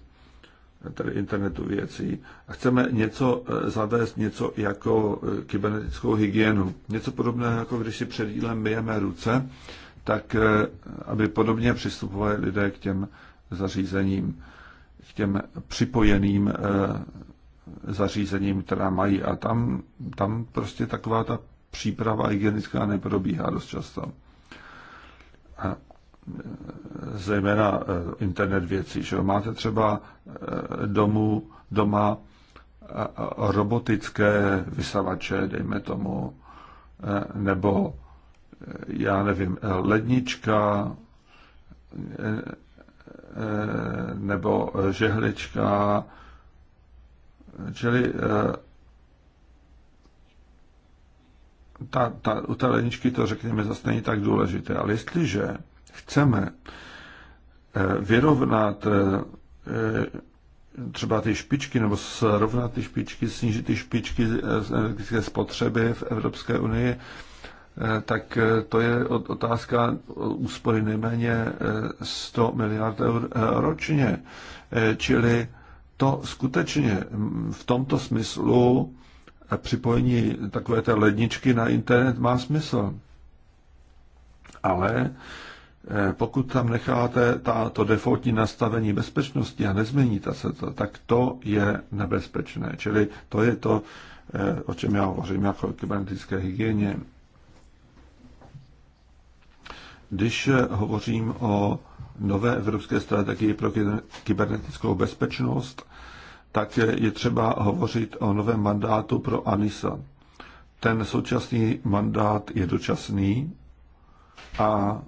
tedy internetu věcí. A chceme něco zavést, něco jako kybernetickou hygienu. Něco podobného, jako když si před jídlem myjeme ruce, tak aby podobně přistupovali lidé k těm zařízením, k těm připojeným zařízením, která mají a tam, tam prostě taková ta příprava hygienická neprobíhá dost často. A e, zejména e, internet věcí. Že Máte třeba e, domů, doma robotické vysavače, dejme tomu, nebo já nevím, lednička, nebo žehlička, Čili eh, ta, ta, u té ledničky to řekněme zase není tak důležité, ale jestliže chceme eh, vyrovnat eh, třeba ty špičky, nebo srovnat ty špičky, snížit ty špičky z energetické spotřeby v Evropské unii, tak to je otázka úspory nejméně 100 miliard eur ročně. Čili to skutečně v tomto smyslu eh, připojení takové té ledničky na internet má smysl. Ale eh, pokud tam necháte to defaultní nastavení bezpečnosti a nezměníte se to, tak to je nebezpečné. Čili to je to, eh, o čem já hovořím jako o kybernetické hygieně. Když hovořím o nové evropské strategii pro kybernetickou bezpečnost, tak je třeba hovořit o novém mandátu pro Anisa. Ten současný mandát je dočasný a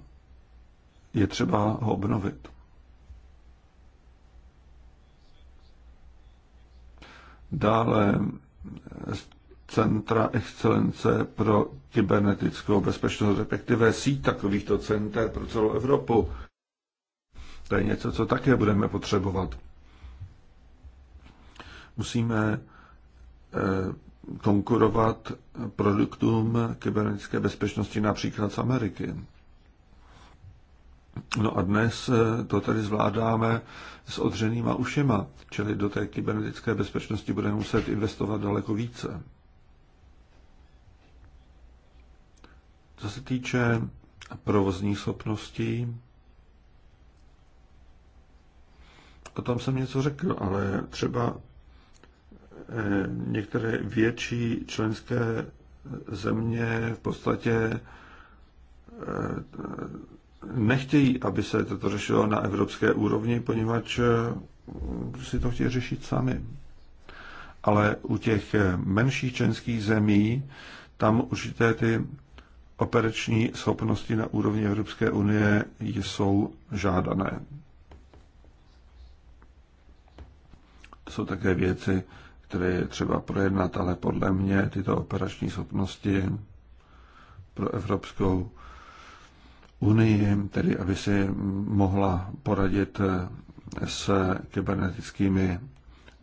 je třeba ho obnovit. Dále eh, Centra excelence pro kybernetickou bezpečnost, respektive síť takovýchto center pro celou Evropu. To je něco, co také budeme potřebovat. Musíme eh, konkurovat produktům kybernetické bezpečnosti například z Ameriky. No a dnes eh, to tady zvládáme s odřenýma ušima, čili do té kybernetické bezpečnosti budeme muset investovat daleko více. Co se týče provozních schopností, o tom jsem něco řekl, ale třeba Eh, některé větší členské země v podstatě eh, nechtějí, aby se toto řešilo na evropské úrovni, poněvadž eh, si to chtějí řešit sami. Ale u těch menších členských zemí tam určité ty operační schopnosti na úrovni Evropské unie jsou žádané. Jsou také věci, které je třeba projednat, ale podle mě tyto operační schopnosti pro Evropskou unii, tedy aby si mohla poradit s kybernetickými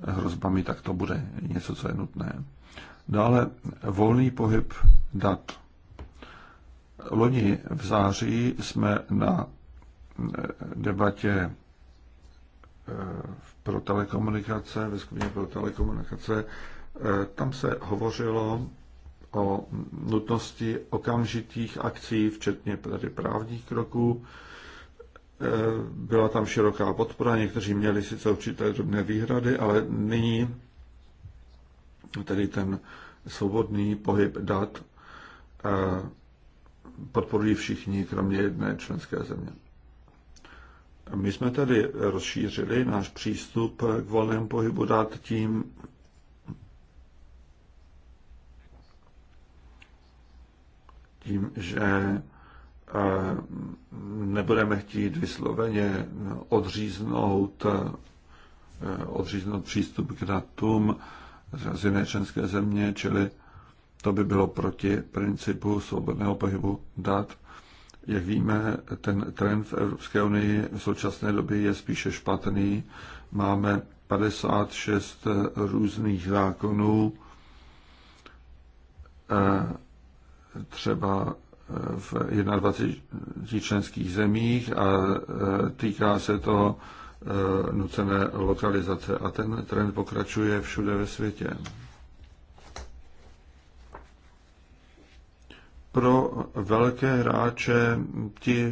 hrozbami, tak to bude něco, co je nutné. Dále volný pohyb dat. Loni v září jsme na debatě Eh, pro telekomunikace, ve skupině pro telekomunikace, eh, tam se hovořilo o nutnosti okamžitých akcí, včetně tady právních kroků. Eh, byla tam široká podpora, někteří měli sice určité drobné výhrady, ale nyní tedy ten svobodný pohyb dat podporují všichni, kromě jedné členské země. My jsme tedy rozšířili náš přístup k volnému pohybu dát tím, tím, že eh, nebudeme chtít vysloveně odříznout, eh, odříznout přístup k datům z jiné členské země, čili to by bylo proti principu svobodného pohybu dat. Jak víme, ten trend v Evropské unii v současné době je spíše špatný. Máme 56 různých zákonů, eh, třeba eh, v 21 členských zemích a eh, týká se to nucené lokalizace. A ten trend pokračuje všude ve světě. pro velké hráče ti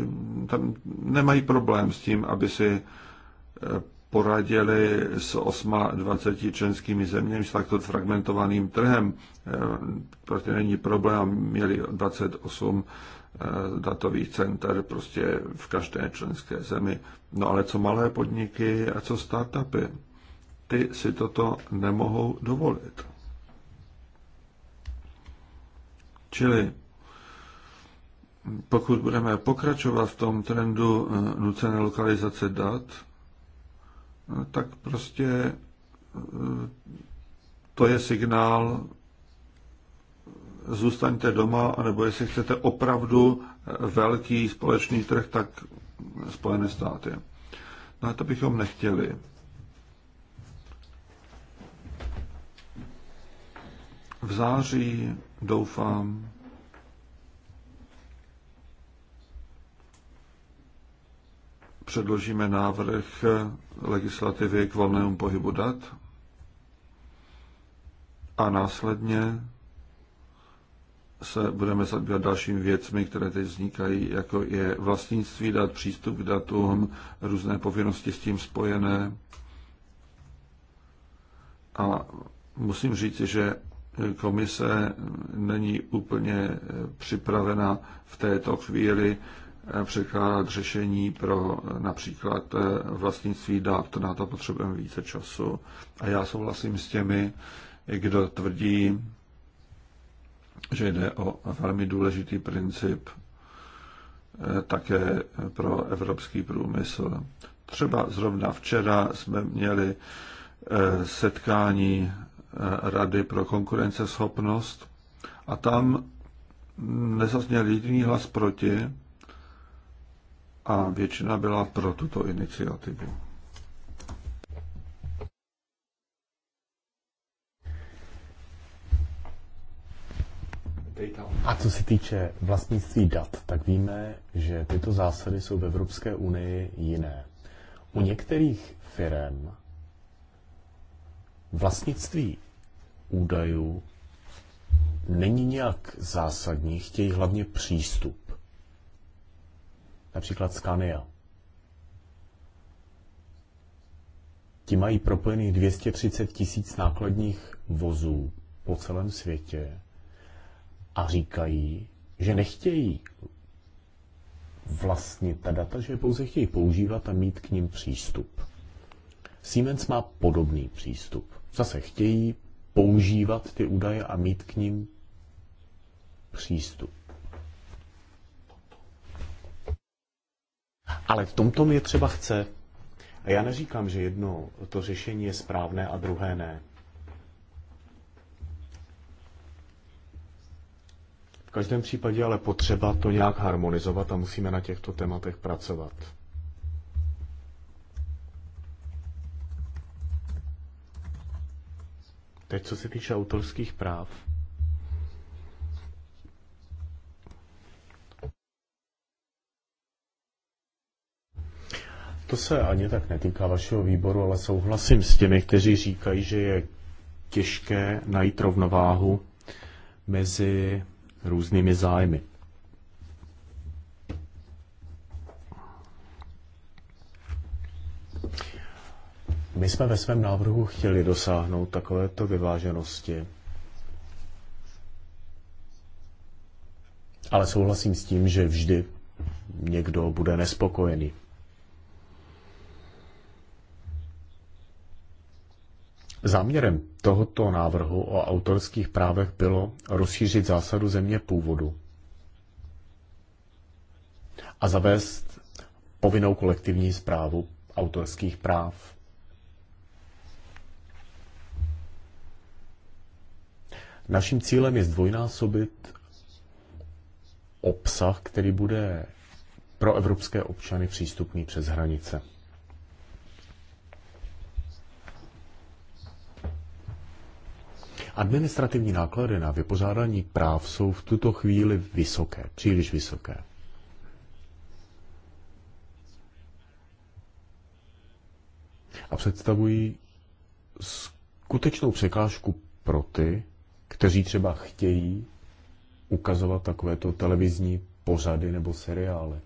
tam nemají problém s tím, aby si eh, poradili s 28 členskými zeměmi, s takto fragmentovaným trhem. Prostě není problém, měli 28 eh, datových center prostě v každé členské zemi. No ale co malé podniky a co startupy? Ty si toto nemohou dovolit. Čili pokud budeme pokračovat v tom trendu eh, nucené lokalizace dat, eh, tak prostě eh, to je signál, zůstaňte doma, anebo jestli chcete opravdu velký společný trh, tak Spojené státy. No a to bychom nechtěli. V září doufám, předložíme návrh legislativy k volnému pohybu dat a následně se budeme zabývat dalšími věcmi, které teď vznikají, jako je vlastnictví dat, přístup k datům, různé povinnosti s tím spojené. A musím říct, že komise není úplně připravena v této chvíli překládat řešení pro například eh, vlastnictví dat. Na to potřebujeme více času. A já souhlasím s těmi, kdo tvrdí, že jde o velmi důležitý princip eh, také pro evropský průmysl. Třeba zrovna včera jsme měli eh, setkání Rady pro konkurenceschopnost a tam nezazněl jediný hlas proti, a většina byla pro tuto iniciativu. A co se týče vlastnictví dat, tak víme, že tyto zásady jsou v Evropské unii jiné. U některých firm vlastnictví údajů není nějak zásadní, chtějí hlavně přístup například Scania. Ti mají propojených 230 tisíc nákladních vozů po celém světě a říkají, že nechtějí vlastnit ta data, že je pouze chtějí používat a mít k ním přístup. Siemens má podobný přístup. Zase chtějí používat ty údaje a mít k ním přístup. Ale v tomto je třeba chce. A já neříkám, že jedno to řešení je správné a druhé ne. V každém případě ale potřeba to nějak harmonizovat a musíme na těchto tématech pracovat. Teď co se týče autorských práv. to se ani tak netýká vašeho výboru, ale souhlasím s těmi, kteří říkají, že je těžké najít rovnováhu mezi různými zájmy. My jsme ve svém návrhu chtěli dosáhnout takovéto vyváženosti. Ale souhlasím s tím, že vždy někdo bude nespokojený. Záměrem tohoto návrhu o autorských právech bylo rozšířit zásadu země původu a zavést povinnou kolektivní zprávu autorských práv. Naším cílem je zdvojnásobit obsah, který bude pro evropské občany přístupný přes hranice. Administrativní náklady na vypořádání práv jsou v tuto chvíli vysoké, příliš vysoké. A představují skutečnou překážku pro ty, kteří třeba chtějí ukazovat takovéto televizní pořady nebo seriály.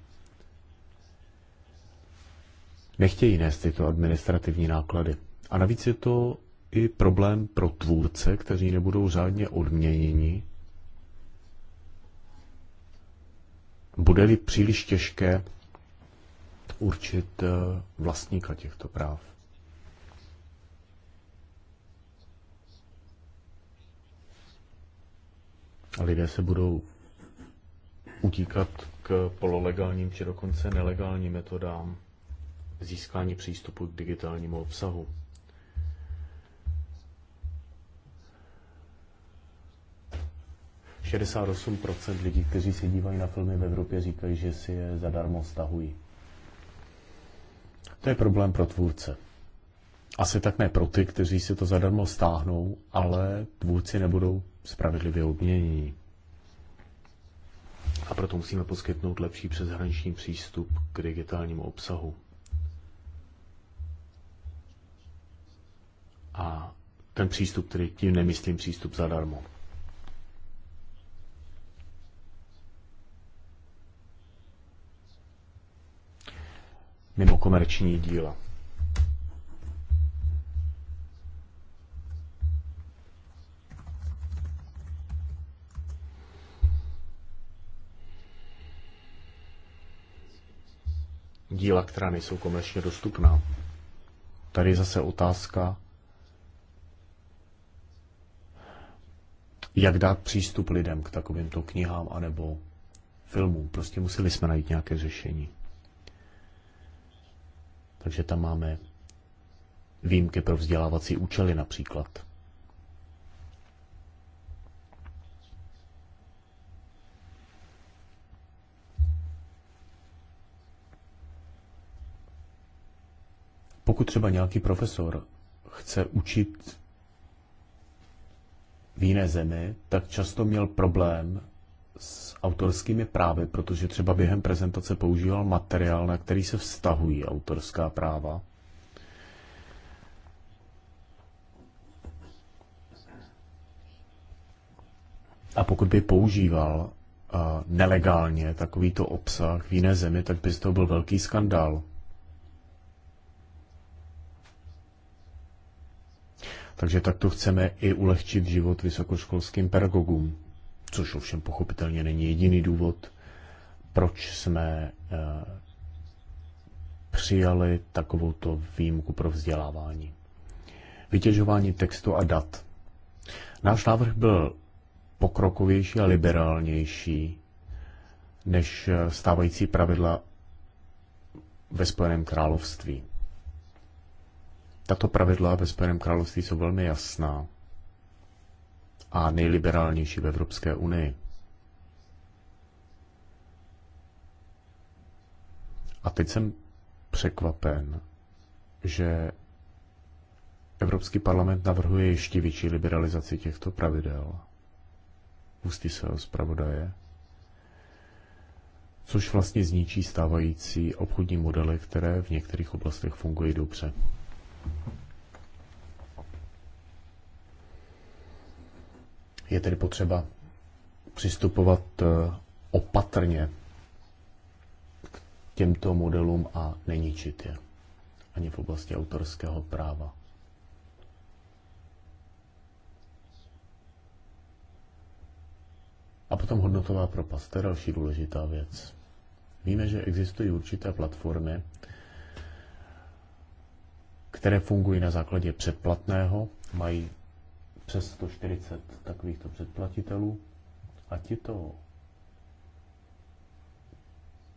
Nechtějí nést tyto administrativní náklady. A navíc je to i problém pro tvůrce, kteří nebudou řádně odměněni, bude-li příliš těžké určit eh, vlastníka těchto práv. A lidé se budou utíkat k pololegálním či dokonce nelegálním metodám získání přístupu k digitálnímu obsahu. 68% lidí, kteří se dívají na filmy v Evropě, říkají, že si je zadarmo stahují. To je problém pro tvůrce. Asi tak ne pro ty, kteří si to zadarmo stáhnou, ale tvůrci nebudou spravedlivě odměněni. A proto musíme poskytnout lepší přeshraniční přístup k digitálnímu obsahu. A ten přístup, který tím nemyslím přístup zadarmo. mimo komerční díla. díla, která nejsou komerčně dostupná. Tady je zase otázka, jak dát přístup lidem k takovýmto knihám anebo filmům. Prostě museli jsme najít nějaké řešení. Takže tam máme výjimky pro vzdělávací účely například. Pokud třeba nějaký profesor chce učit v jiné zemi, tak často měl problém s autorskými právy, protože třeba během prezentace používal materiál, na který se vztahují autorská práva. A pokud by používal uh, nelegálně takovýto obsah v jiné zemi, tak by z toho byl velký skandál. Takže tak to chceme i ulehčit život vysokoškolským pedagogům což ovšem pochopitelně není jediný důvod, proč jsme eh, přijali takovouto výjimku pro vzdělávání. Vytěžování textu a dat. Náš návrh byl pokrokovější a liberálnější než eh, stávající pravidla ve Spojeném království. Tato pravidla ve Spojeném království jsou velmi jasná a nejliberálnější v Evropské unii. A teď jsem překvapen, že Evropský parlament navrhuje ještě větší liberalizaci těchto pravidel. Ústí se o zpravodaje. Což vlastně zničí stávající obchodní modely, které v některých oblastech fungují dobře. Je tedy potřeba přistupovat eh, opatrně k těmto modelům a neničit je ani v oblasti autorského práva. A potom hodnotová propast, to je další důležitá věc. Víme, že existují určité platformy, které fungují na základě předplatného, mají přes 140 takovýchto předplatitelů a tito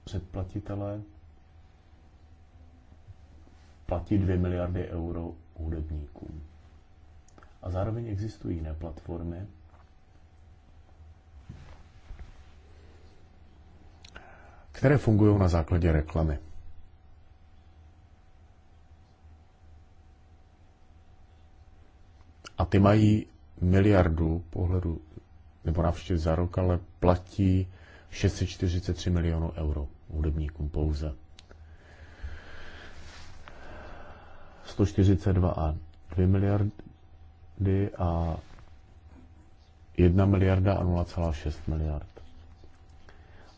předplatitelé platí 2 miliardy euro hudebníkům. A zároveň existují jiné platformy, které fungují na základě reklamy. a ty mají miliardu pohledu nebo návštěv za rok, ale platí 643 milionů euro hudebníkům pouze. 142 a 2 miliardy a 1 miliarda a 0,6 miliard.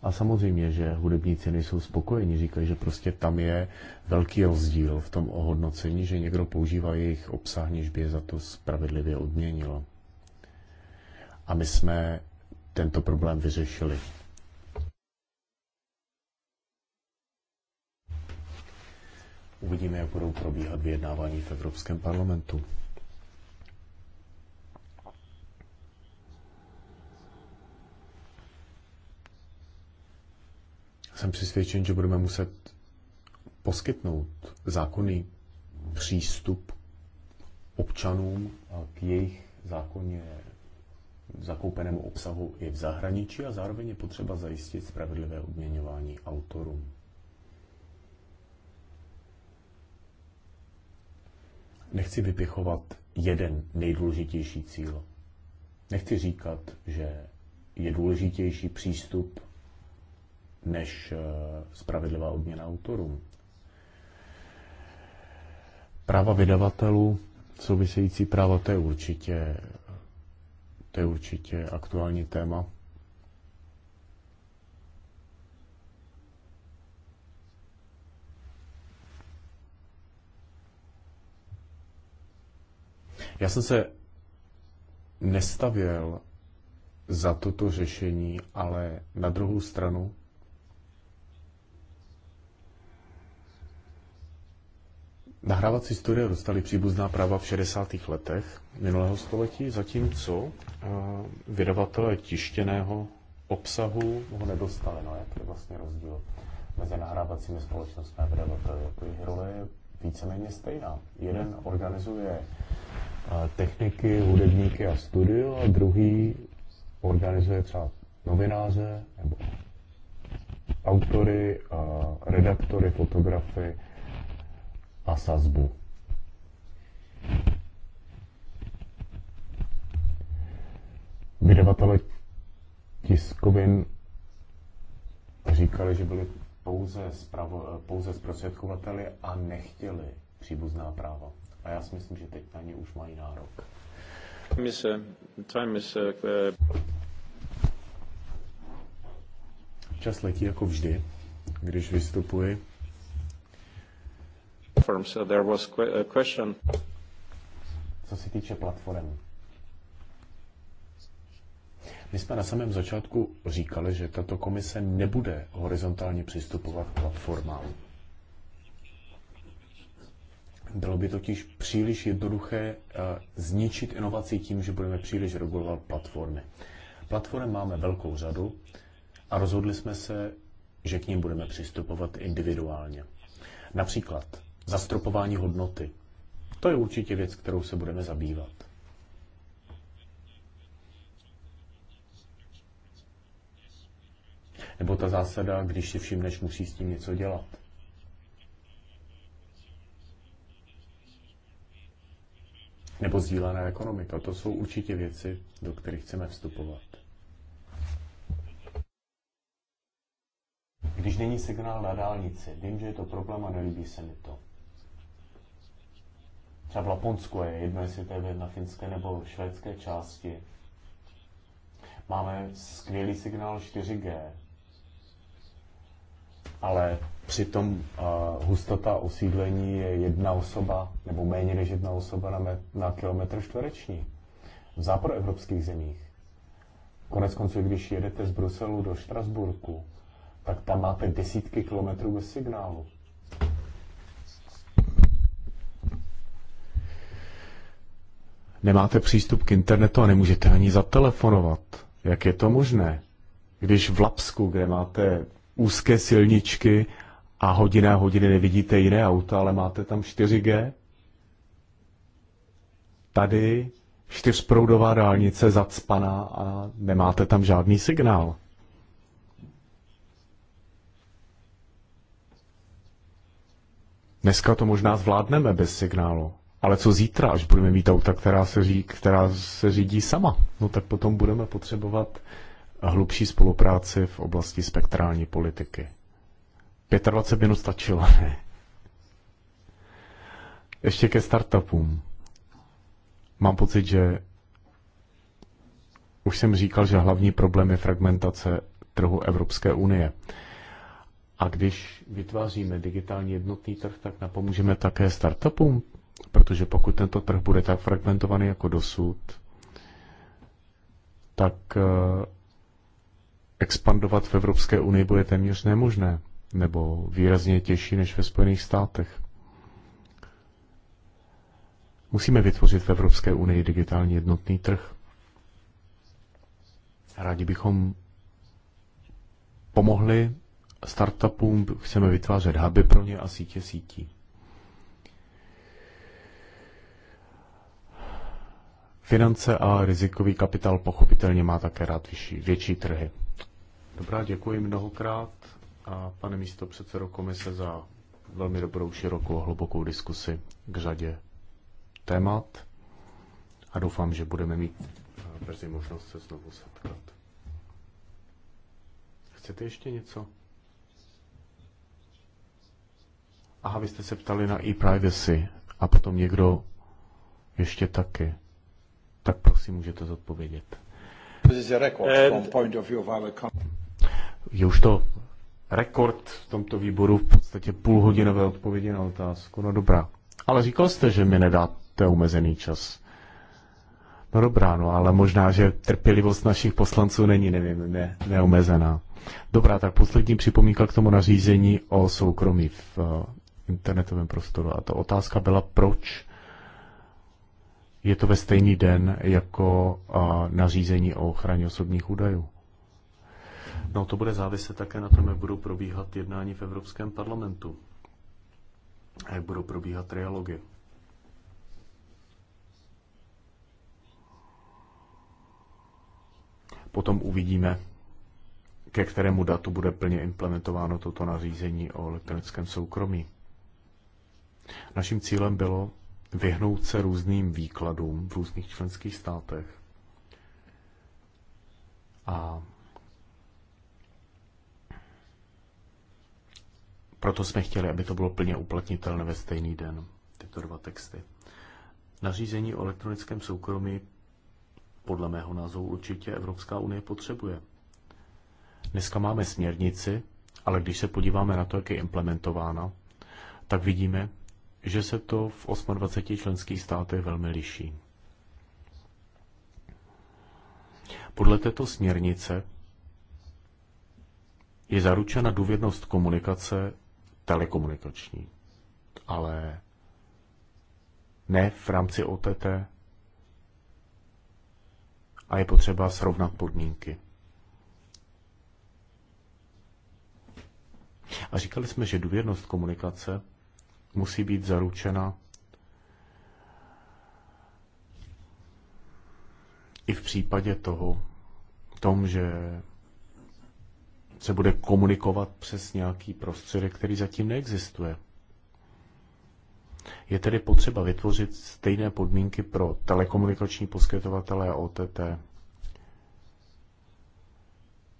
A samozřejmě, že hudebníci nejsou spokojeni, říkají, že prostě tam je velký rozdíl v tom ohodnocení, že někdo používá jejich obsah, než by je za to spravedlivě odměnilo. A my jsme tento problém vyřešili. Uvidíme, jak budou probíhat vyjednávání v Evropském parlamentu. jsem přesvědčen, že budeme muset poskytnout zákonný přístup občanům k jejich zákonně zakoupenému obsahu i v zahraničí a zároveň je potřeba zajistit spravedlivé odměňování autorům. Nechci vypichovat jeden nejdůležitější cíl. Nechci říkat, že je důležitější přístup než eh, spravedlivá odměna autorům. Práva vydavatelů, související práva, to je určitě, to je určitě aktuální téma. Já jsem se nestavěl za toto řešení, ale na druhou stranu Nahrávací studia dostali příbuzná práva v 60. letech minulého století, zatímco eh, vydavatelé tištěného obsahu ho nedostali. No, jak je vlastně rozdíl mezi nahrávacími společnostmi a vydavateli? Jako jejich role je víceméně stejná. Jeden organizuje eh, techniky, hudebníky a studio a druhý organizuje třeba novináře nebo autory, redaktory, fotografy a sazbu. Vydavatele tiskovin říkali, že byli pouze, zpravo, pouze zprostředkovateli a nechtěli příbuzná práva. A já si myslím, že teď na ně už mají nárok. Uh, Čas letí jako vždy, když vystupuji platforms, uh, there was a question. Co se týče platform. My jsme na samém začátku říkali, že tato komise nebude horizontálně přistupovat k platformám. Bylo by totiž příliš jednoduché eh, zničit inovaci tím, že budeme příliš regulovat platformy. Platform máme velkou řadu a rozhodli jsme se, že k ním budeme přistupovat individuálně. Například zastropování hodnoty. To je určitě věc, kterou se budeme zabývat. Nebo ta zásada, když si všimneš, musí s tím něco dělat. Nebo sdílená ekonomika. To jsou určitě věci, do kterých chceme vstupovat. Když není signál na dálnici, vím, že je to problém a nelíbí se mi to třeba v Laponsku je jedno, jestli to je na finské nebo švédské části. Máme skvělý signál 4G, ale přitom uh, hustota osídlení je jedna osoba, nebo méně než jedna osoba na, met, na kilometr čtvereční v západoevropských zemích. Konec konců, když jedete z Bruselu do Štrasburku, tak tam máte desítky kilometrů bez signálu. nemáte přístup k internetu a nemůžete ani zatelefonovat. Jak je to možné? Když v Lapsku, kde máte úzké silničky a hodiny a hodiny nevidíte jiné auta, ale máte tam 4G, tady čtyřproudová dálnice zacpaná a nemáte tam žádný signál. Dneska to možná zvládneme bez signálu, ale co zítra, až budeme mít auta, která se, ří, která se řídí sama? No tak potom budeme potřebovat hlubší spolupráci v oblasti spektrální politiky. 25 minut stačilo, ne? Ještě ke startupům. Mám pocit, že už jsem říkal, že hlavní problém je fragmentace trhu Evropské unie. A když vytváříme digitální jednotný trh, tak napomůžeme také startupům. Protože pokud tento trh bude tak fragmentovaný jako dosud, tak eh, expandovat v Evropské unii bude téměř nemožné, nebo výrazně těžší než ve Spojených státech. Musíme vytvořit v Evropské unii digitální jednotný trh. Rádi bychom pomohli startupům, chceme vytvářet huby pro ně a sítě sítí. Finance a rizikový kapitál pochopitelně má také rád vyšší, větší trhy. Dobrá, děkuji mnohokrát a pane místo předsedo komise za velmi dobrou, širokou a hlubokou diskusi k řadě témat a doufám, že budeme mít eh, brzy možnost se znovu setkat. Chcete ještě něco? Aha, vy jste se ptali na e-privacy a potom někdo ještě taky tak prosím, můžete zodpovědět. Eh, Je už to rekord v tomto výboru, v podstatě půlhodinové odpovědi na otázku. No dobrá. Ale říkal jste, že mi nedáte omezený čas. No dobrá, no ale možná, že trpělivost našich poslanců není, nevím, ne, neomezená. Dobrá, tak poslední připomínka k tomu nařízení o soukromí v eh, internetovém prostoru. A ta otázka byla, proč je to ve stejný den jako nařízení o ochraně osobních údajů. No to bude záviset také na tom, jak budou probíhat jednání v Evropském parlamentu a jak budou probíhat trialogy. Potom uvidíme, ke kterému datu bude plně implementováno toto nařízení o elektronickém soukromí. Naším cílem bylo vyhnout se různým výkladům v různých členských státech. A proto jsme chtěli, aby to bylo plně uplatnitelné ve stejný den, tyto dva texty. Nařízení o elektronickém soukromí podle mého názoru určitě Evropská unie potřebuje. Dneska máme směrnici, ale když se podíváme na to, jak je implementována, tak vidíme, že se to v 28 členských státech velmi liší. Podle této směrnice je zaručena důvěrnost komunikace telekomunikační, ale ne v rámci OTT a je potřeba srovnat podmínky. A říkali jsme, že důvěrnost komunikace musí být zaručena i v případě toho, tom, že se bude komunikovat přes nějaký prostředek, který zatím neexistuje. Je tedy potřeba vytvořit stejné podmínky pro telekomunikační poskytovatele OTT.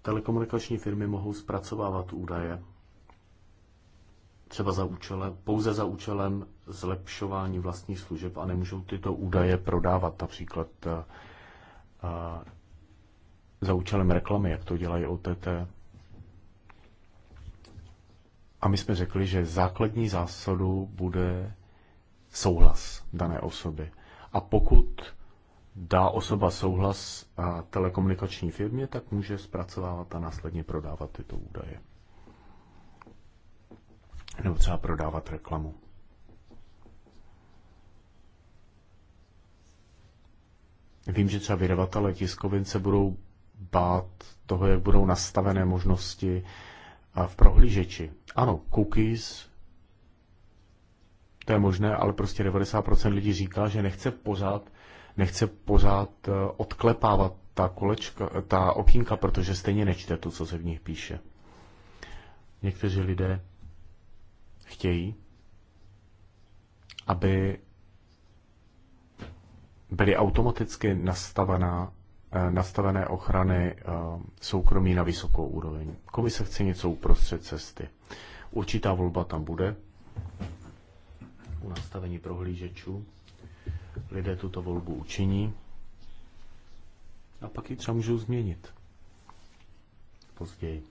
Telekomunikační firmy mohou zpracovávat údaje třeba za účelem, pouze za účelem zlepšování vlastních služeb a nemůžou tyto údaje prodávat například a, eh, eh, za účelem reklamy, jak to dělají OTT. A my jsme řekli, že základní zásadou bude souhlas dané osoby. A pokud dá osoba souhlas telekomunikační firmě, tak může zpracovávat a následně prodávat tyto údaje nebo třeba prodávat reklamu. Vím, že třeba vydavatele tiskovin se budou bát toho, jak budou nastavené možnosti v prohlížeči. Ano, cookies, to je možné, ale prostě 90% lidí říká, že nechce pořád, nechce pořád eh, odklepávat ta, kolečka, ta okýnka, protože stejně nečte to, co se v nich píše. Někteří lidé chtějí, aby byly automaticky nastavená, eh, nastavené ochrany eh, soukromí na vysokou úroveň. Komise chce něco uprostřed cesty. Určitá volba tam bude u nastavení prohlížečů. Lidé tuto volbu učiní a pak ji třeba můžou změnit později.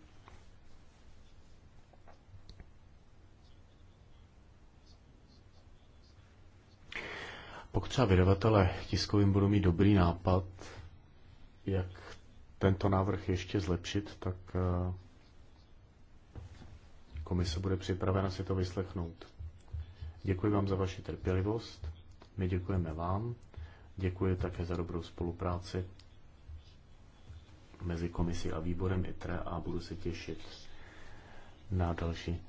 Pokud třeba vydavatele tiskovým budou mít dobrý nápad, jak tento návrh ještě zlepšit, tak eh, komise bude připravena si to vyslechnout. Děkuji vám za vaši trpělivost, my děkujeme vám, děkuji také za dobrou spolupráci mezi komisí a výborem ITRE a budu se těšit na další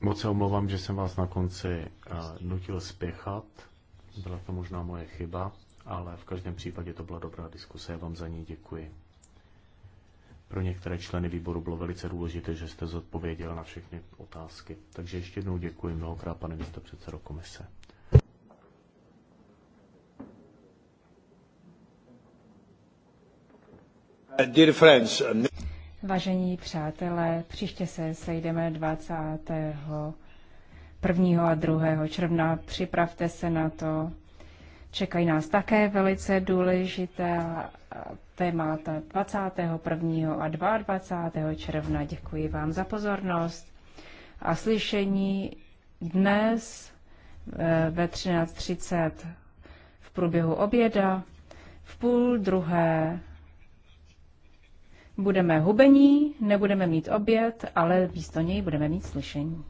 Moc se omlouvám, že jsem vás na konci eh, nutil spěchat. Byla to možná moje chyba, ale v každém případě to byla dobrá diskuse. Já vám za ní děkuji. Pro některé členy výboru bylo velice důležité, že jste zodpověděl na všechny otázky. Takže ještě jednou děkuji mnohokrát, pane místopředsedo komise. Uh, dear friends, uh, Vážení přátelé, příště se sejdeme 20. 1. a 2. června. Připravte se na to. Čekají nás také velice důležité témata 21. a 22. června. Děkuji vám za pozornost a slyšení dnes eh, ve 13.30 v průběhu oběda v půl druhé Budeme hubení, nebudeme mít oběd, ale místo něj budeme mít slyšení.